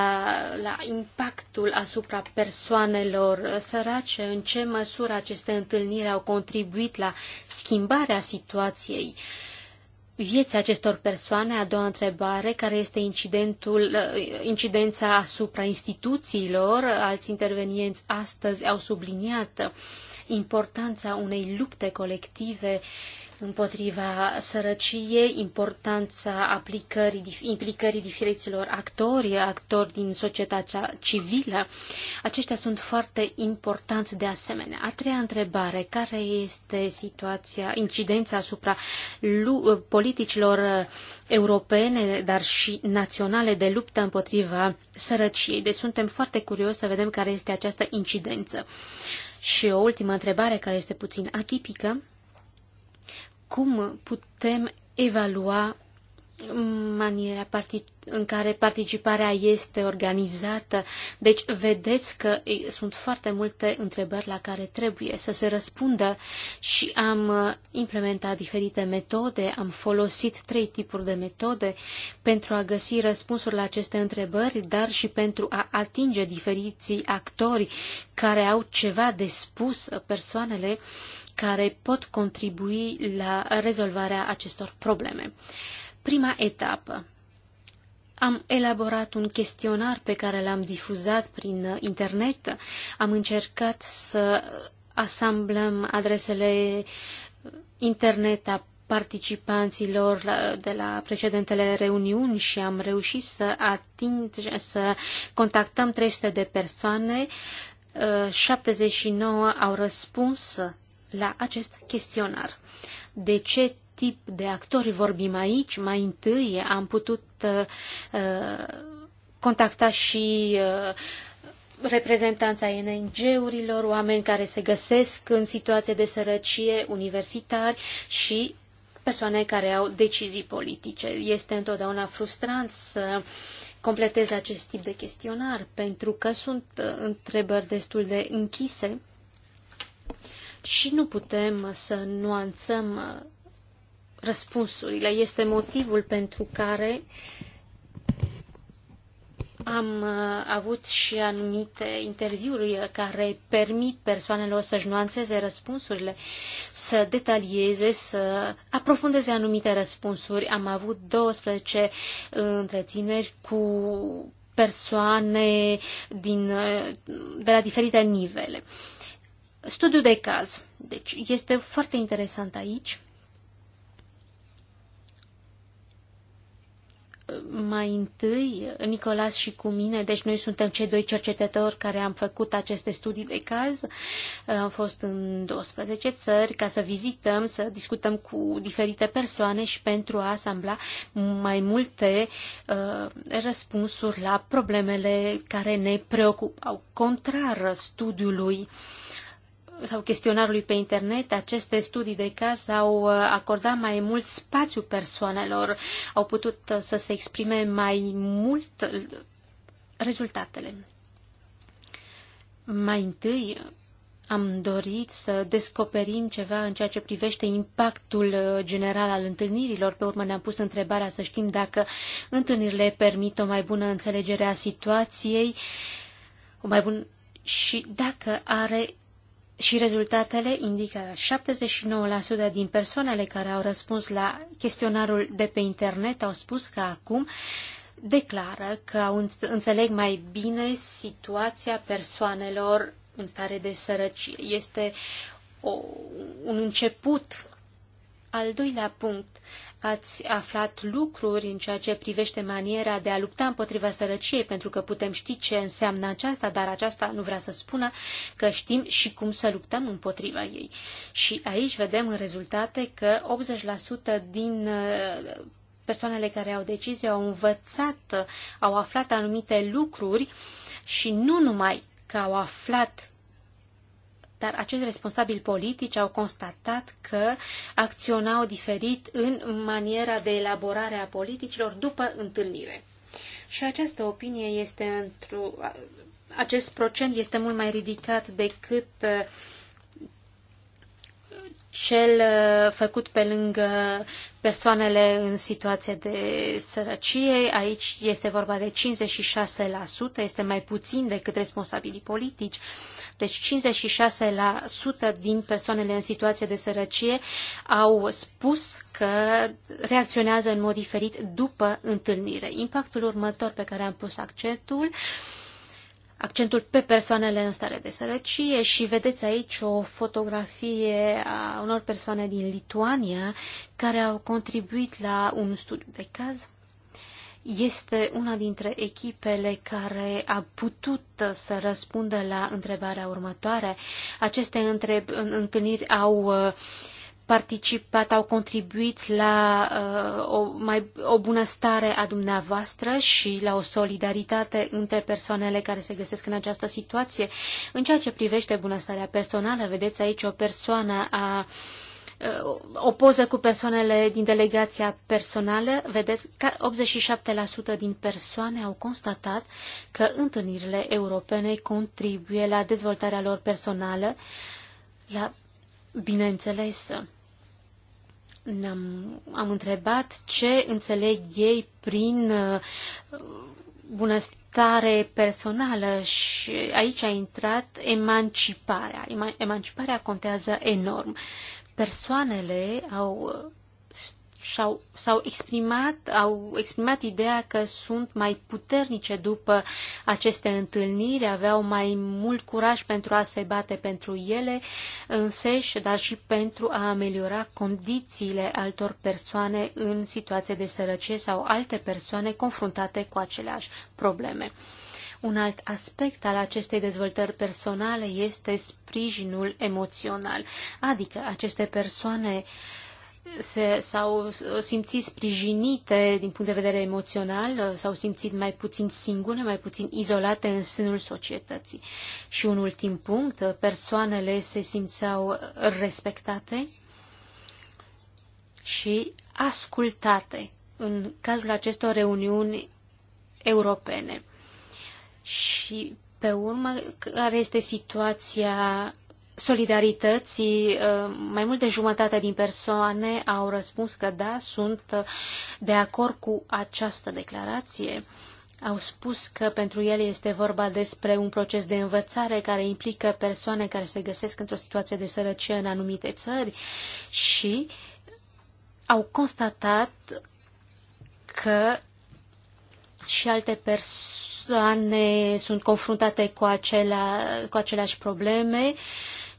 la impactul asupra persoanelor sărace, în ce măsură aceste întâlniri au contribuit la schimbarea situației vieții acestor persoane. A doua întrebare, care este incidentul, incidența asupra instituțiilor. Alți intervenienți astăzi au subliniat importanța unei lupte colective uh, împotriva sărăciei, importanța aplicării, implicării diferiților actori, actori din societatea civilă. Aceștia sunt foarte importanți de asemenea. A treia întrebare, care este situația, incidența asupra politicilor europene, dar și naționale de luptă împotriva sărăciei? Deci suntem foarte curioși să vedem care este această incidență. Și o ultimă întrebare care este puțin atipică cum putem evalua maniera în care participarea este organizată. Deci, vedeți că sunt foarte multe întrebări la care trebuie să se răspundă și am uh, implementat diferite metode, am folosit trei tipuri de metode pentru a găsi răspunsuri la aceste întrebări, dar și pentru a atinge diferiții actori care au ceva de spus, uh, persoanele care pot contribui la rezolvarea acestor probleme. Prima etapă. Am elaborat un chestionar pe care l-am difuzat prin internet. Am încercat să asamblăm adresele internet a participanților de la precedentele reuniuni și am reușit să ating, să contactăm 300 de persoane. 79 uh, au răspuns la acest chestionar. De ce tip de actori vorbim aici? Mai întâi am putut uh, uh contacta și uh, reprezentanța ONG-urilor, oameni care se găsesc în situație de sărăcie, universitari și persoane care au decizii politice. Este întotdeauna frustrant să completez acest tip de chestionar pentru că sunt uh, întrebări destul de închise și nu putem să nuanțăm uh, răspunsurile. Este motivul pentru care am uh, avut și anumite interviuri uh, care permit persoanelor să-și nuanțeze răspunsurile, să detalieze, să aprofundeze anumite răspunsuri. Am avut 12 întrețineri cu persoane din, de la diferite nivele. Studiu de caz. Deci este foarte interesant aici. mai întâi Nicolas și cu mine, deci noi suntem cei doi cercetători care am făcut aceste studii de caz. Am fost în 12 țări ca să vizităm, să discutăm cu diferite persoane și pentru a asambla mai multe uh, răspunsuri la problemele care ne preocupau, contrar studiului uh, sau chestionarului pe internet, aceste studii de caz au uh, acordat mai mult spațiu persoanelor, au putut uh, să se exprime mai mult uh, rezultatele. Mai întâi am dorit să descoperim ceva în ceea ce privește impactul general al întâlnirilor. Pe urmă ne-am pus întrebarea să știm dacă întâlnirile permit o mai bună înțelegere a situației, o mai bună și dacă are și rezultatele indică 79% din persoanele care au răspuns la chestionarul de pe internet au spus că acum declară că au înțeleg mai bine situația persoanelor în stare de sărăcie. Este o, un început. Al doilea punct, ați aflat lucruri în ceea ce privește maniera de a lupta împotriva sărăciei, pentru că putem ști ce înseamnă aceasta, dar aceasta nu vrea să spună că știm și cum să luptăm împotriva ei. Și aici vedem în rezultate că 80% din uh, persoanele care au decizie au învățat, uh, au aflat anumite lucruri și nu numai că au aflat dar acești responsabili politici au constatat că acționau diferit în maniera de elaborare a politicilor după întâlnire. Și această opinie este într-o... acest procent este mult mai ridicat decât uh, cel uh, făcut pe lângă persoanele în situație de sărăcie. Aici este vorba de 56%, este mai puțin decât responsabilii politici. Deci 56% din persoanele în situație de sărăcie au spus că reacționează în mod diferit după întâlnire. Impactul următor pe care am pus accentul accentul pe persoanele în stare de sărăcie și vedeți aici o fotografie a unor persoane din Lituania care au contribuit la un studiu de caz este una dintre echipele care a putut să răspundă la întrebarea următoare. Aceste întreb, întâlniri au uh, participat, au contribuit la uh, o, mai, o bunăstare a dumneavoastră și la o solidaritate între persoanele care se găsesc în această situație. În ceea ce privește bunăstarea personală, vedeți aici o persoană a uh, Uh, o poză cu persoanele din delegația personală, vedeți că 87% din persoane au constatat că întâlnirile europene contribuie la dezvoltarea lor personală, la, bineînțeles, am am întrebat ce înțeleg ei prin uh, bunăstare personală și aici a intrat emanciparea. Emanciparea contează enorm persoanele au sau au s-au exprimat, au exprimat ideea că sunt mai puternice după aceste întâlniri, aveau mai mult curaj pentru a se bate pentru ele înseși, dar și pentru a ameliora condițiile altor persoane în situație de sărăcie sau alte persoane confruntate cu aceleași probleme. Un alt aspect al acestei dezvoltări personale este sprijinul emoțional, adică aceste persoane se, s-au simțit sprijinite din punct de vedere emoțional, s-au simțit mai puțin singure, mai puțin izolate în sânul societății. Și un ultim punct, persoanele se simțeau respectate și ascultate în cadrul acestor reuniuni europene și pe urmă care este situația solidarității, uh, mai mult de jumătate din persoane au răspuns că da, sunt uh, de acord cu această declarație. Au spus că pentru el este vorba despre un proces de învățare care implică persoane care se găsesc într-o situație de sărăcie în anumite țări și au constatat că și alte persoane persoane sunt confruntate cu, acelea, cu aceleași probleme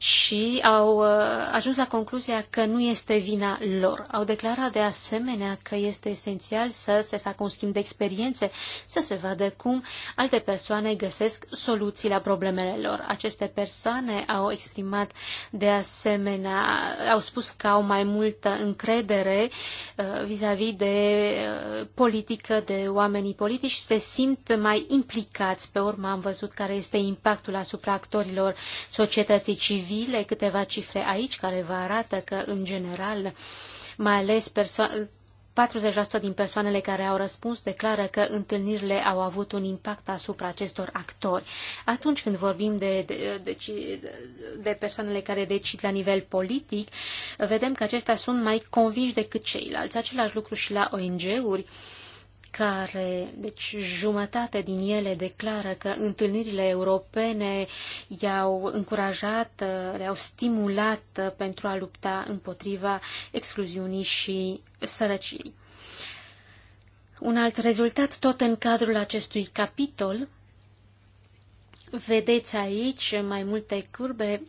și au uh, ajuns la concluzia că nu este vina lor. Au declarat de asemenea că este esențial să se facă un schimb de experiențe, să se vadă cum alte persoane găsesc soluții la problemele lor. Aceste persoane au exprimat de asemenea, au spus că au mai multă încredere uh, vis-a-vis -vis de uh, politică, de oamenii politici, se simt mai implicați. Pe urmă am văzut care este impactul asupra actorilor societății civile civile, câteva cifre aici care vă arată că, în general, mai ales persoane 40% din persoanele care au răspuns declară că întâlnirile au avut un impact asupra acestor actori. Atunci când vorbim de, de, de, de persoanele care decid la nivel politic, vedem că acestea sunt mai convinși decât ceilalți. Același lucru și la ONG-uri. Uh, care, deci jumătate din ele declară că întâlnirile europene i-au încurajat, le-au stimulat pentru a lupta împotriva excluziunii și sărăciei. Un alt rezultat, tot în cadrul acestui capitol, vedeți aici mai multe curbe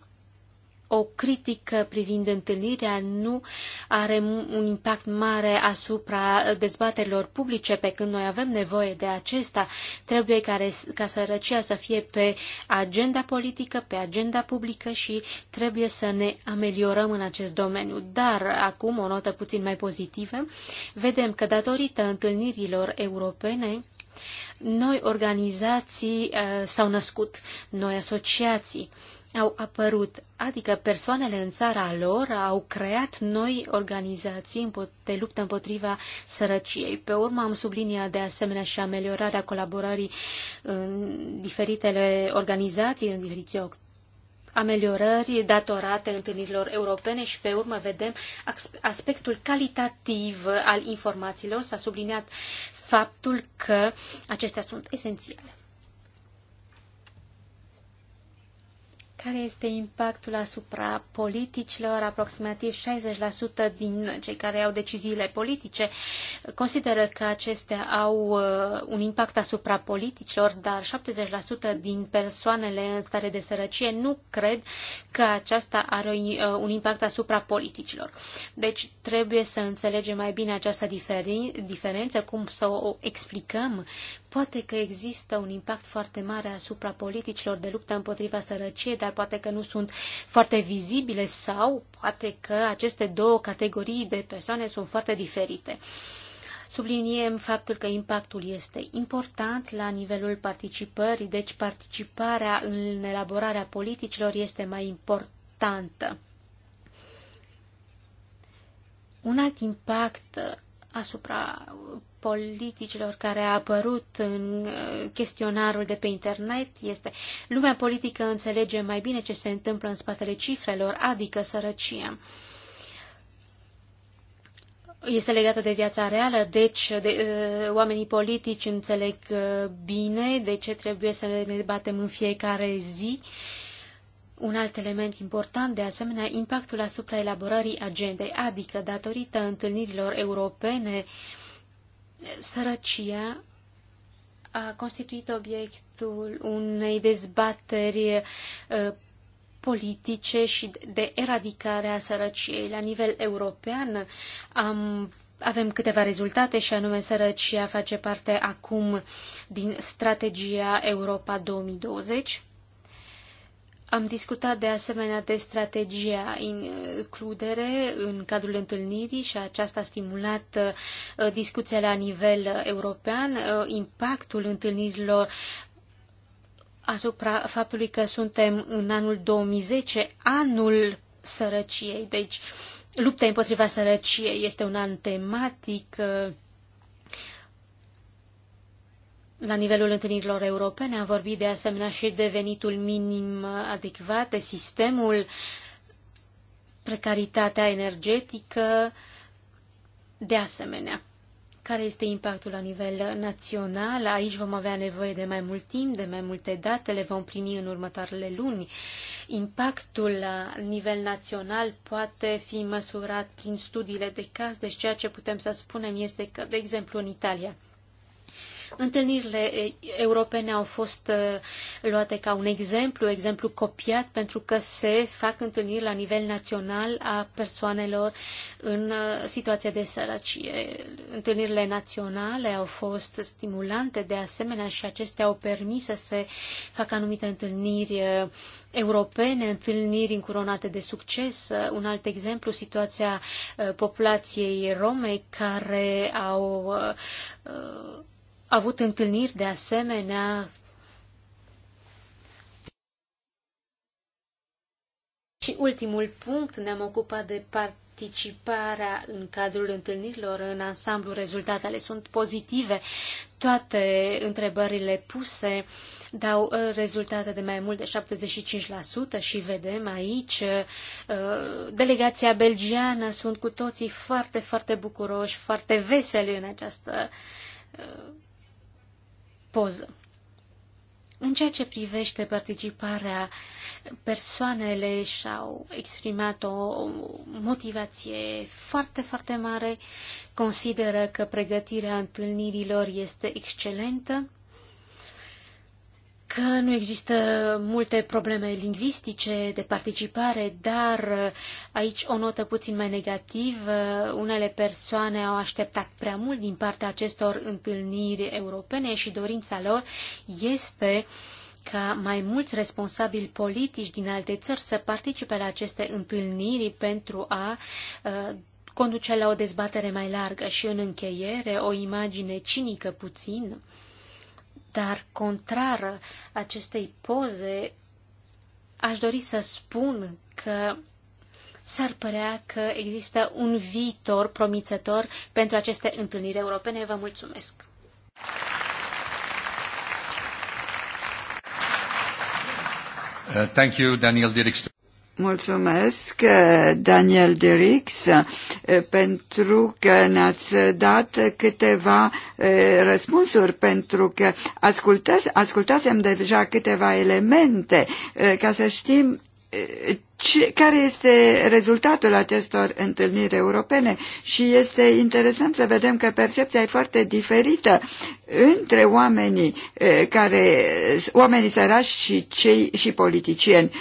o critică privind întâlnirea nu are un impact mare asupra dezbaterilor publice, pe când noi avem nevoie de acesta. Trebuie care, ca sărăcia să fie pe agenda politică, pe agenda publică și trebuie să ne ameliorăm în acest domeniu. Dar acum, o notă puțin mai pozitivă, vedem că datorită întâlnirilor europene, noi organizații uh, s-au născut, noi asociații au apărut, adică persoanele în țara lor au creat noi organizații de luptă împotriva sărăciei. Pe urmă am subliniat de asemenea și ameliorarea colaborării în diferitele organizații, în diferite ameliorări datorate întâlnirilor europene și pe urmă vedem aspectul calitativ al informațiilor. S-a subliniat faptul că acestea sunt esențiale. care este impactul asupra politicilor. Aproximativ 60% din cei care au deciziile politice consideră că acestea au uh, un impact asupra politicilor, dar 70% din persoanele în stare de sărăcie nu cred că aceasta are uh, un impact asupra politicilor. Deci trebuie să înțelegem mai bine această diferență, cum să o explicăm Poate că există un impact foarte mare asupra politicilor de luptă împotriva sărăciei, dar poate că nu sunt foarte vizibile sau poate că aceste două categorii de persoane sunt foarte diferite. Subliniem faptul că impactul este important la nivelul participării, deci participarea în elaborarea politicilor este mai importantă. Un alt impact asupra politicilor care a apărut în uh, chestionarul de pe internet este lumea politică înțelege mai bine ce se întâmplă în spatele cifrelor, adică sărăcia. Este legată de viața reală, deci de, uh, oamenii politici înțeleg uh, bine de ce trebuie să ne batem în fiecare zi. Uh, un alt element important, de asemenea, impactul asupra elaborării agendei, adică datorită întâlnirilor europene, sărăcia a constituit obiectul unei dezbateri uh, politice și de eradicare a sărăciei. La nivel european am, avem câteva rezultate și anume sărăcia face parte acum din strategia Europa 2020 am discutat de asemenea de strategia includere în cadrul întâlnirii și aceasta a stimulat uh, discuția la nivel uh, european, uh, impactul întâlnirilor asupra faptului că suntem în anul 2010, anul sărăciei. Deci, lupta împotriva sărăciei este un an tematic la nivelul întâlnirilor europene am vorbit de asemenea și de venitul minim adecvat, sistemul, precaritatea energetică, de asemenea. Care este impactul la nivel național? Aici vom avea nevoie de mai mult timp, de mai multe date, le vom primi în următoarele luni. Impactul la nivel național poate fi măsurat prin studiile de caz, deci ceea ce putem să spunem este că, de exemplu, în Italia, Întâlnirile eh, europene au fost eh, luate ca un exemplu, exemplu copiat, pentru că se fac întâlniri la nivel național a persoanelor în eh, situația de sărăcie. Întâlnirile naționale au fost stimulante de asemenea și acestea au permis să se facă anumite întâlniri europene, întâlniri încuronate de succes. Un alt exemplu, situația populației rome care au avut întâlniri de asemenea Și ultimul punct, ne-am ocupat de participarea în cadrul întâlnirilor în ansamblu. Rezultatele sunt pozitive. Toate întrebările puse dau uh, rezultate de mai mult de 75% și vedem aici uh, delegația belgiană sunt cu toții foarte, foarte bucuroși, foarte veseli în această uh, poză. În ceea ce privește participarea, persoanele și-au exprimat o motivație foarte, foarte mare, consideră că pregătirea întâlnirilor este excelentă, că nu există multe probleme lingvistice de participare, dar uh, aici o notă puțin mai negativă. Uh, unele persoane au așteptat prea mult din partea acestor întâlniri europene și dorința lor este ca mai mulți responsabili politici din alte țări să participe la aceste întâlniri pentru a uh, conduce la o dezbatere mai largă și în încheiere o imagine cinică puțin dar contrară acestei poze, aș dori să spun că s-ar părea că există un viitor promițător pentru aceste întâlniri europene. Vă mulțumesc! Uh, thank you, Daniel Dirkstra. Mulțumesc, Daniel Derix, pentru că ne-ați dat câteva răspunsuri, pentru că ascultasem deja câteva elemente ca să știm ce, care este rezultatul acestor întâlniri europene și este interesant să vedem că percepția e foarte diferită între oamenii, care, oamenii sărași și, cei, și politicieni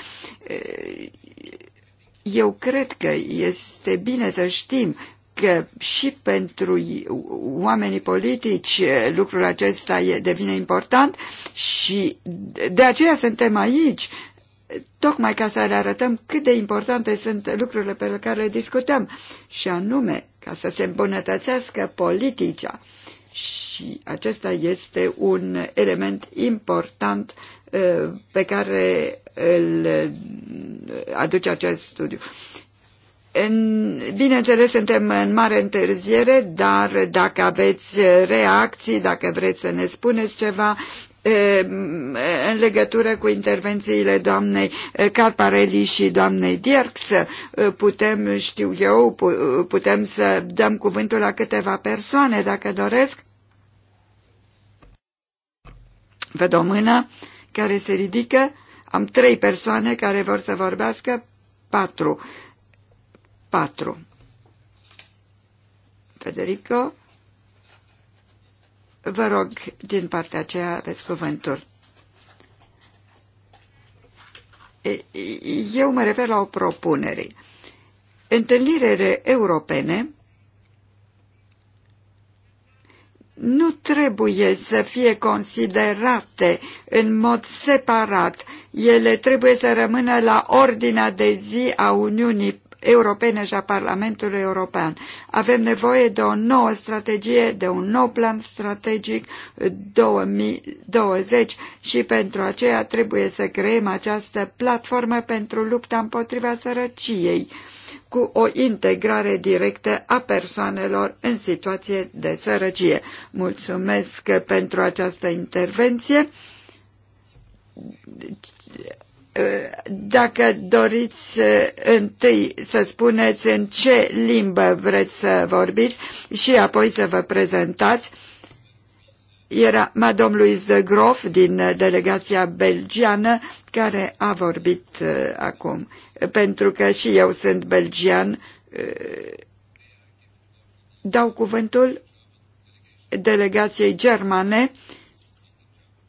eu cred că este bine să știm că și pentru oamenii politici lucrul acesta devine important și de aceea suntem aici, tocmai ca să le arătăm cât de importante sunt lucrurile pe care le discutăm și anume ca să se îmbunătățească politica. Și acesta este un element important Uh, pe care îl uh, aduce acest studiu. În, bineînțeles, suntem în mare întârziere, dar dacă aveți reacții, dacă vreți să ne spuneți ceva uh, în legătură cu intervențiile doamnei Carparelli și doamnei Dierks, putem, știu eu, putem să dăm cuvântul la câteva persoane, dacă doresc. Vă o mână care se ridică. Am trei persoane care vor să vorbească. Patru. Patru. Federico, vă rog, din partea aceea aveți cuvântul. Eu mă refer la o propunere. Întâlnirile europene nu trebuie să fie considerate în mod separat. Ele trebuie să rămână la ordinea de zi a Uniunii Europene și a Parlamentului European. Avem nevoie de o nouă strategie, de un nou plan strategic 2020 și pentru aceea trebuie să creăm această platformă pentru lupta împotriva sărăciei cu o integrare directă a persoanelor în situație de sărăcie. Mulțumesc pentru această intervenție. Dacă doriți eh, întâi să spuneți în ce limbă vreți să vorbiți și apoi să vă prezentați, era Madame Louise de Grof din eh, delegația belgiană care a vorbit eh, acum pentru că și eu sunt belgian, eh, dau cuvântul delegației germane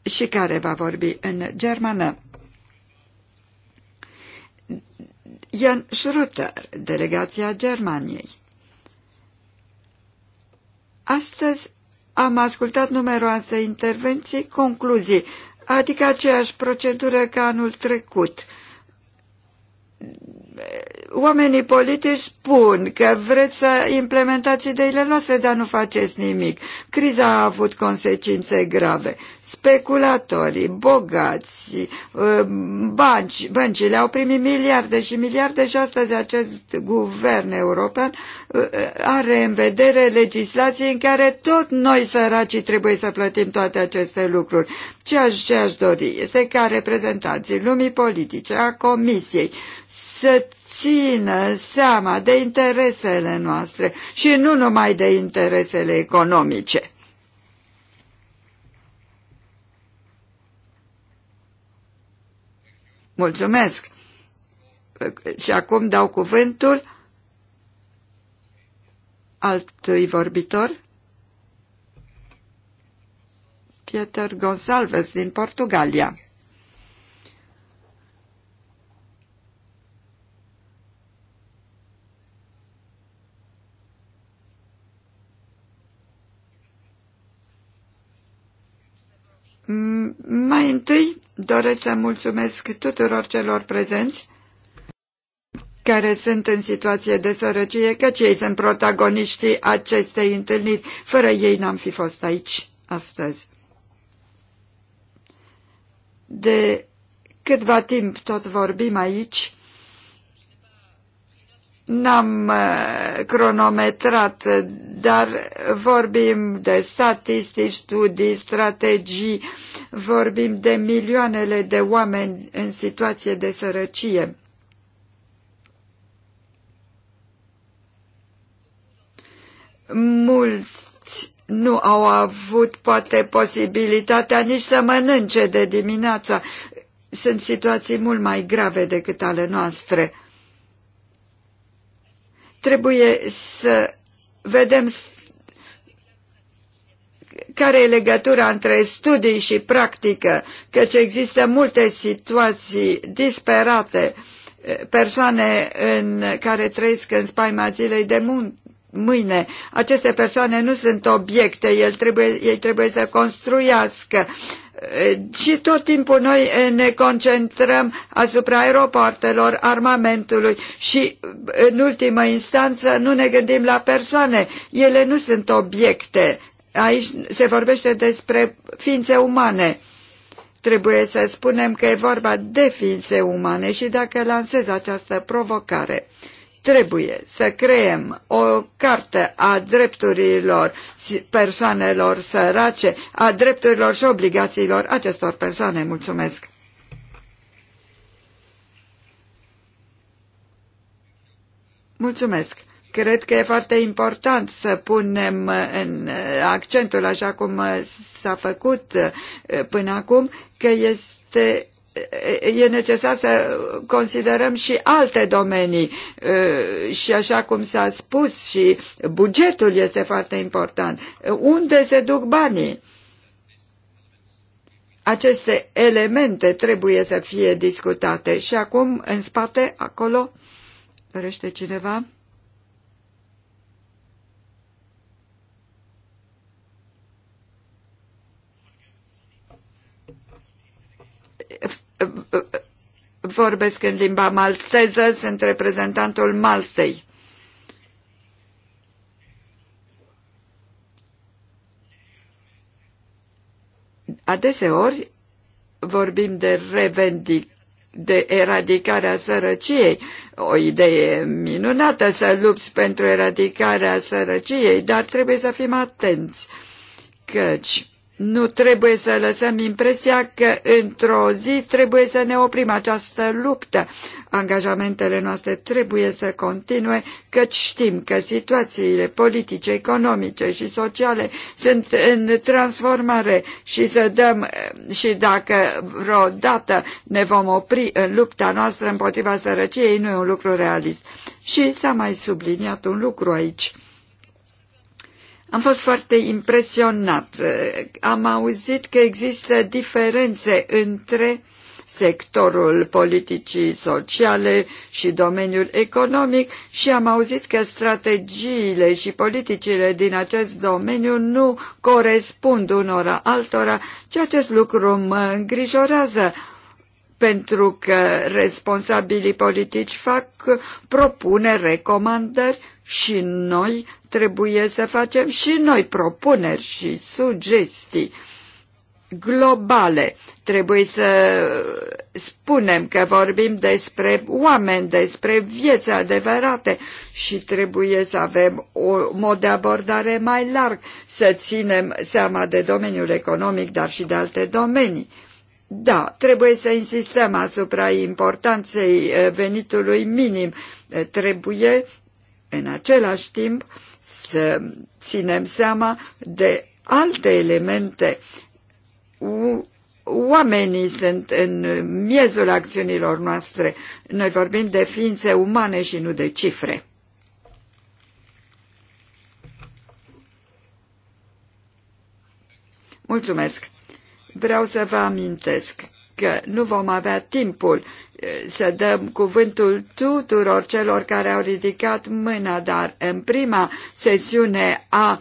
și care va vorbi în germană. Jan Schröter, delegația Germaniei. Astăzi am ascultat numeroase intervenții, concluzii, adică aceeași procedură ca anul trecut – oamenii politici spun că vreți să implementați ideile noastre, dar nu faceți nimic. Criza a avut consecințe grave. Speculatorii, bogați, uh, bănci, băncile au primit miliarde și miliarde și astăzi acest guvern european uh, uh, are în vedere legislații în care tot noi săracii trebuie să plătim toate aceste lucruri. Ce aș, ce aș dori este ca reprezentanții lumii politice, a comisiei, să țină seama de interesele noastre și nu numai de interesele economice. Mulțumesc! Și acum dau cuvântul altui vorbitor, Pieter Gonçalves din Portugalia. Mai întâi doresc să mulțumesc tuturor celor prezenți care sunt în situație de sărăcie, căci ei sunt protagoniștii acestei întâlniri. Fără ei n-am fi fost aici astăzi. De câtva timp tot vorbim aici n-am uh, cronometrat, dar vorbim de statistici, studii, strategii, vorbim de milioanele de oameni în situație de sărăcie. Mulți nu au avut poate posibilitatea nici să mănânce de dimineața. Sunt situații mult mai grave decât ale noastre Trebuie să vedem care e legătura între studii și practică, căci există multe situații disperate, eh, persoane în care trăiesc în spaima zilei de muncă, mâine. Aceste persoane nu sunt obiecte, el trebuie, ei trebuie să construiască și tot timpul noi eh, ne concentrăm asupra aeroportelor, armamentului și, eh, în ultimă instanță, nu ne gândim la persoane. Ele nu sunt obiecte. Aici se vorbește despre ființe umane. Trebuie să spunem că e vorba de ființe umane și dacă lansez această provocare. Trebuie să creăm o carte a drepturilor persoanelor sărace, a drepturilor și obligațiilor acestor persoane. Mulțumesc! Mulțumesc! Cred că e foarte important să punem uh, în uh, accentul, așa cum uh, s-a făcut până acum, că este e necesar să considerăm și alte domenii și așa cum s-a spus și bugetul este foarte important. Unde se duc banii? Aceste elemente trebuie să fie discutate și acum în spate, acolo, dorește cineva? vorbesc în limba malteză, sunt reprezentantul Maltei. Adeseori vorbim de revendic de eradicarea sărăciei. O idee minunată să lupți pentru eradicarea sărăciei, dar trebuie să fim atenți, căci nu trebuie să lăsăm impresia că într-o zi trebuie să ne oprim această luptă. Angajamentele noastre trebuie să continue, căci știm că situațiile politice, economice și sociale sunt în transformare și să dăm și dacă vreodată ne vom opri în lupta noastră împotriva sărăciei, nu e un lucru realist. Și s-a mai subliniat un lucru aici am fost foarte impresionat. Am auzit că există diferențe între sectorul politicii sociale și domeniul economic și am auzit că strategiile și politicile din acest domeniu nu corespund unora altora și acest lucru mă îngrijorează pentru că responsabilii politici fac propuneri, recomandări și noi trebuie să facem și noi propuneri și sugestii globale. Trebuie să spunem că vorbim despre oameni, despre vieți adevărate și trebuie să avem o mod de abordare mai larg, să ținem seama de domeniul economic, dar și de alte domenii. Da, trebuie să insistăm asupra importanței eh, venitului minim. Eh, trebuie, în același timp, să ținem seama de alte elemente. Oamenii sunt în miezul acțiunilor noastre. Noi vorbim de ființe umane și nu de cifre. Mulțumesc! Vreau să vă amintesc că nu vom avea timpul eh, să dăm cuvântul tuturor celor care au ridicat mâna, dar în prima sesiune a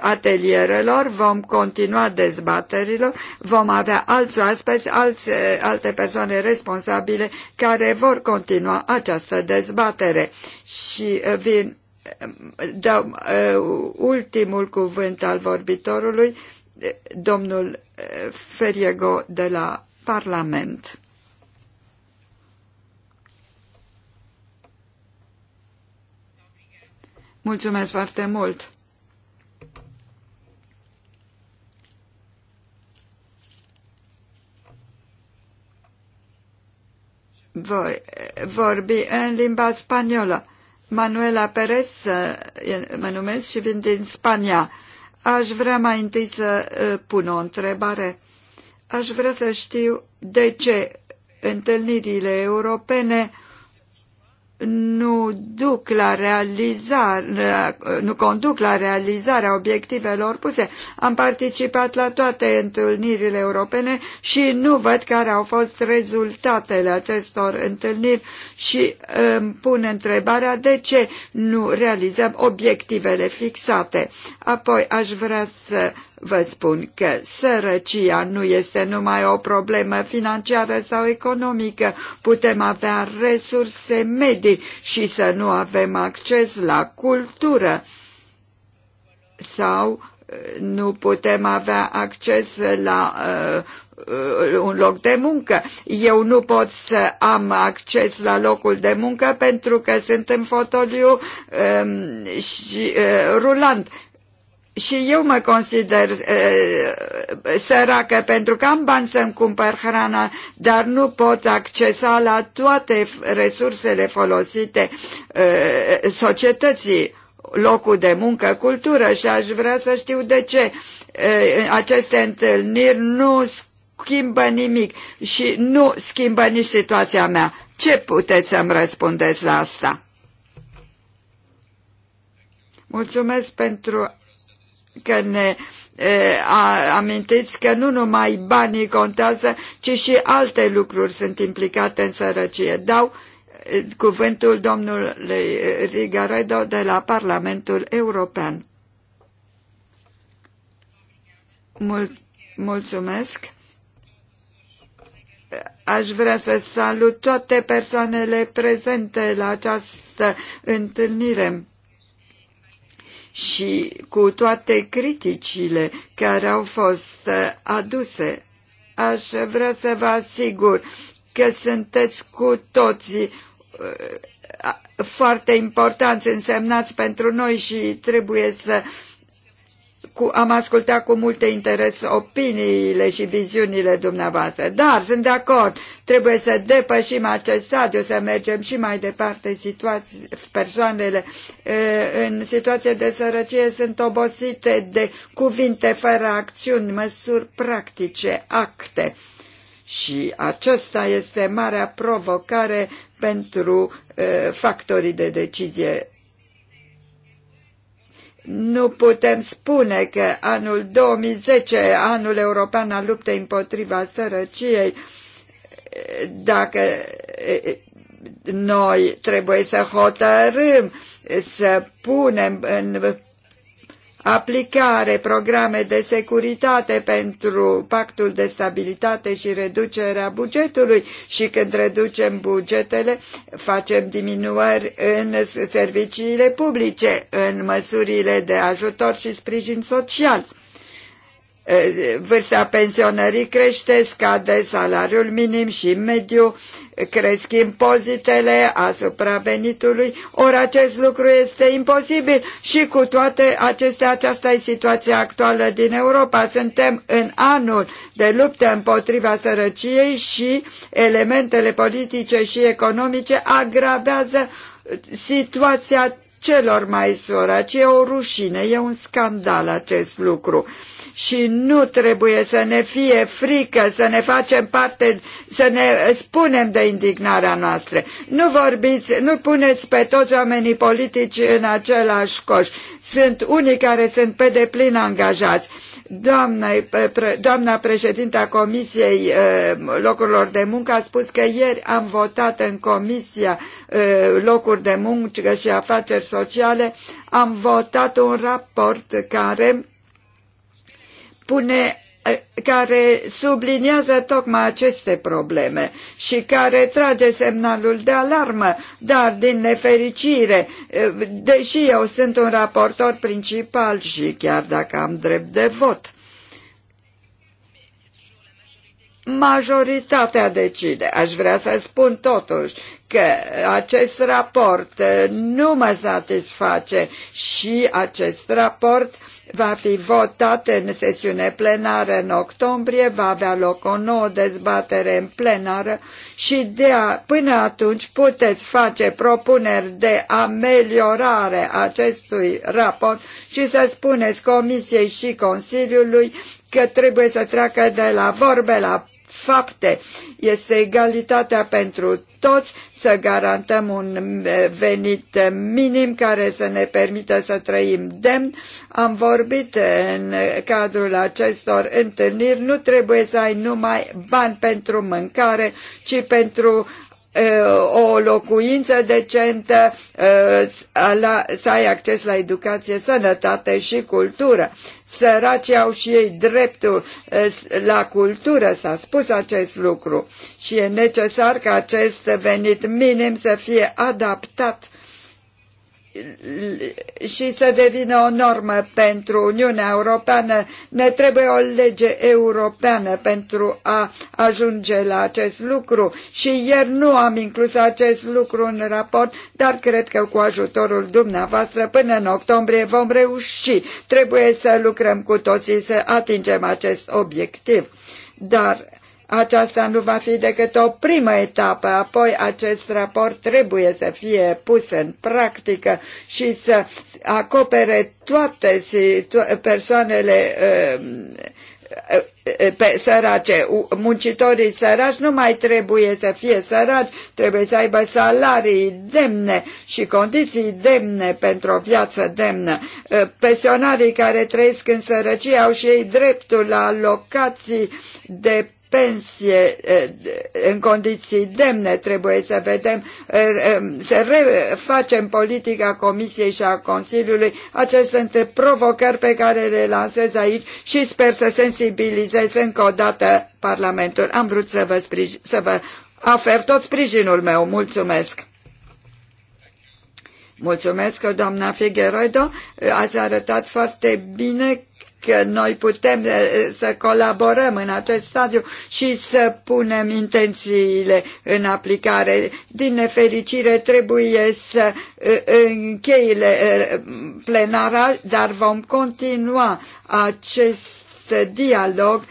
atelierelor vom continua dezbaterilor, vom avea alți oaspeți, alți, eh, alte persoane responsabile care vor continua această dezbatere. Și eh, vin, dăm ultimul cuvânt al vorbitorului, domnul Feriego de la Parlament. Mulțumesc foarte mult! Voi vorbi în limba spaniolă. Manuela Perez mă numesc și vin din Spania. Aș vrea mai întâi să pun o întrebare Aș vrea să știu de ce întâlnirile europene nu duc la realizarea, nu conduc la realizarea obiectivelor puse. Am participat la toate întâlnirile europene și nu văd care au fost rezultatele acestor întâlniri și îmi um, pun întrebarea de ce nu realizăm obiectivele fixate. Apoi aș vrea să vă spun că sărăcia nu este numai o problemă financiară sau economică. Putem avea resurse medii și să nu avem acces la cultură sau uh, nu putem avea acces la uh, uh, un loc de muncă. Eu nu pot să am acces la locul de muncă pentru că sunt în fotoliu uh, și uh, rulant și eu mă consider săracă pentru că am bani să-mi cumpăr hrana, dar nu pot accesa la toate resursele folosite e, societății, locul de muncă, cultură și aș vrea să știu de ce e, aceste întâlniri nu schimbă nimic și nu schimbă nici situația mea. Ce puteți să-mi răspundeți la asta? Mulțumesc pentru că ne a, amintiți că nu numai banii contează, ci și alte lucruri sunt implicate în sărăcie. Dau cuvântul domnului Rigaredo de la Parlamentul European. Mul- mulțumesc. Aș vrea să salut toate persoanele prezente la această întâlnire și cu toate criticile care au fost uh, aduse. Aș vrea să vă asigur că sunteți cu toții uh, foarte importanți, însemnați pentru noi și trebuie să cu, am ascultat cu mult interes opiniile și viziunile dumneavoastră. Dar sunt de acord, trebuie să depășim acest stadiu, să mergem și mai departe. persoanele în situație de sărăcie sunt obosite de cuvinte fără acțiuni, măsuri practice, acte. Și acesta este marea provocare pentru factorii de decizie nu putem spune că anul 2010, anul european al luptei împotriva sărăciei, dacă noi trebuie să hotărâm, să punem în aplicare, programe de securitate pentru pactul de stabilitate și reducerea bugetului și când reducem bugetele facem diminuări în serviciile publice, în măsurile de ajutor și sprijin social vârsta pensionării crește, scade salariul minim și mediu, cresc impozitele asupra venitului, ori acest lucru este imposibil și cu toate acestea, aceasta e situația actuală din Europa. Suntem în anul de luptă împotriva sărăciei și elementele politice și economice agravează situația celor mai săraci. E o rușine, e un scandal acest lucru și nu trebuie să ne fie frică, să ne facem parte, să ne spunem de indignarea noastră. Nu vorbiți, nu puneți pe toți oamenii politici în același coș. Sunt unii care sunt pe deplin angajați. Doamna, doamna președinta Comisiei uh, Locurilor de Muncă a spus că ieri am votat în Comisia uh, Locuri de Muncă și Afaceri Sociale, am votat un raport care pune eh, care subliniază tocmai aceste probleme și care trage semnalul de alarmă, dar din nefericire, eh, deși eu sunt un raportor principal și chiar dacă am drept de vot, majoritatea decide. Aș vrea să spun totuși că acest raport eh, nu mă satisface și acest raport uh, va fi votat în sesiune plenară în octombrie, va avea loc o nouă dezbatere în plenară și de a, până atunci puteți face propuneri de ameliorare acestui raport și să spuneți Comisiei și Consiliului că trebuie să treacă de la vorbe la fapte. Este egalitatea pentru toți, să garantăm un venit minim care să ne permită să trăim demn. Am vorbit în cadrul acestor întâlniri, nu trebuie să ai numai bani pentru mâncare, ci pentru uh, o locuință decentă, uh, să ai acces la educație, sănătate și cultură. Săracii au și ei dreptul la cultură, s-a spus acest lucru și e necesar ca acest venit minim să fie adaptat și să devină o normă pentru Uniunea Europeană. Ne trebuie o lege europeană pentru a ajunge la acest lucru și ieri nu am inclus acest lucru în raport, dar cred că cu ajutorul dumneavoastră până în octombrie vom reuși. Trebuie să lucrăm cu toții să atingem acest obiectiv. Dar aceasta nu va fi decât o primă etapă, apoi acest raport trebuie să fie pus în practică și să acopere toate persoanele um, uh, pe sărace. Muncitorii săraci nu mai trebuie să fie săraci, trebuie să aibă salarii demne și condiții demne pentru o viață demnă. Uh, pensionarii care trăiesc în sărăcie au și ei dreptul la alocații de pensie eh, în condiții demne trebuie să vedem, eh, eh, să refacem politica Comisiei și a Consiliului. Acestea sunt provocări pe care le lansez aici și sper să sensibilizez încă o dată Parlamentul. Am vrut să vă, sprijin, să vă ofer tot sprijinul meu. Mulțumesc! Mulțumesc, doamna Figueroido, ați arătat foarte bine noi putem eh, să colaborăm în acest stadiu și să punem intențiile în aplicare. Din nefericire trebuie să eh, încheile eh, plenara, dar vom continua acest dialog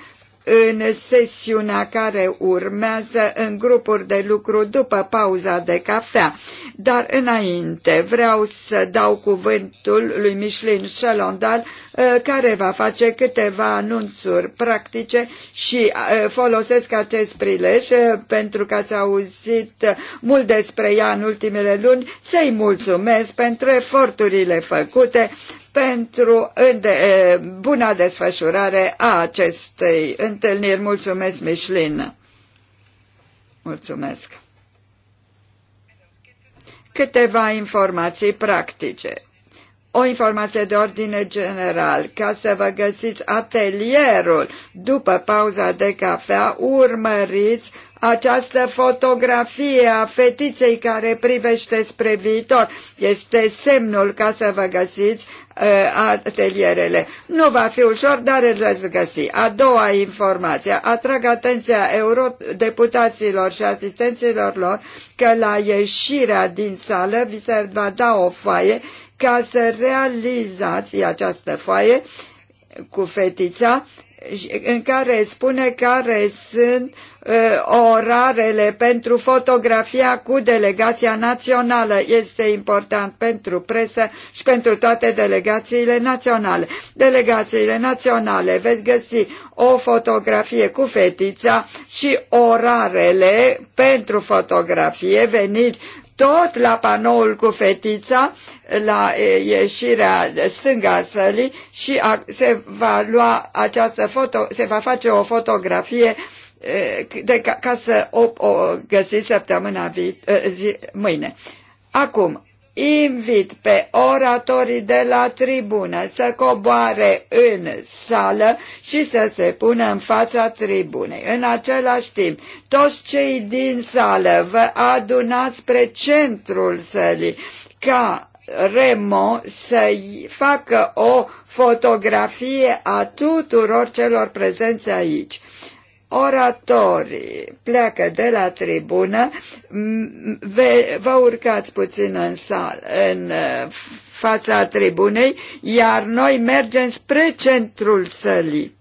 în sesiunea care urmează în grupuri de lucru după pauza de cafea. Dar înainte vreau să dau cuvântul lui Michelin Chalondal uh, care va face câteva anunțuri practice și uh, folosesc acest prilej uh, pentru că ați auzit mult despre ea în ultimele luni. Să-i mulțumesc pentru eforturile făcute, pentru de, buna desfășurare a acestei întâlniri. Mulțumesc, Mișlin! Mulțumesc! Câteva informații practice o informație de ordine general, ca să vă găsiți atelierul după pauza de cafea, urmăriți această fotografie a fetiței care privește spre viitor. Este semnul ca să vă găsiți uh, atelierele. Nu va fi ușor, dar îl veți găsi. A doua informație. Atrag atenția eurodeputaților și asistenților lor că la ieșirea din sală vi se va da o foaie ca să realizați această foaie cu fetița în care spune care sunt uh, orarele pentru fotografia cu delegația națională. Este important pentru presă și pentru toate delegațiile naționale. Delegațiile naționale veți găsi o fotografie cu fetița și orarele pentru fotografie venit tot la panoul cu fetița, la ieșirea stânga a sălii și a, se va lua această foto, se va face o fotografie de, ca, ca să o, o găsi săptămâna vi, zi, mâine. Acum, invit pe oratorii de la tribună să coboare în sală și să se pună în fața tribunei. În același timp, toți cei din sală vă adunați spre centrul sălii ca Remo să facă o fotografie a tuturor celor prezenți aici oratorii pleacă de la tribună, vă urcați puțin în, sal, în uh, fața tribunei, iar noi mergem spre centrul sălii.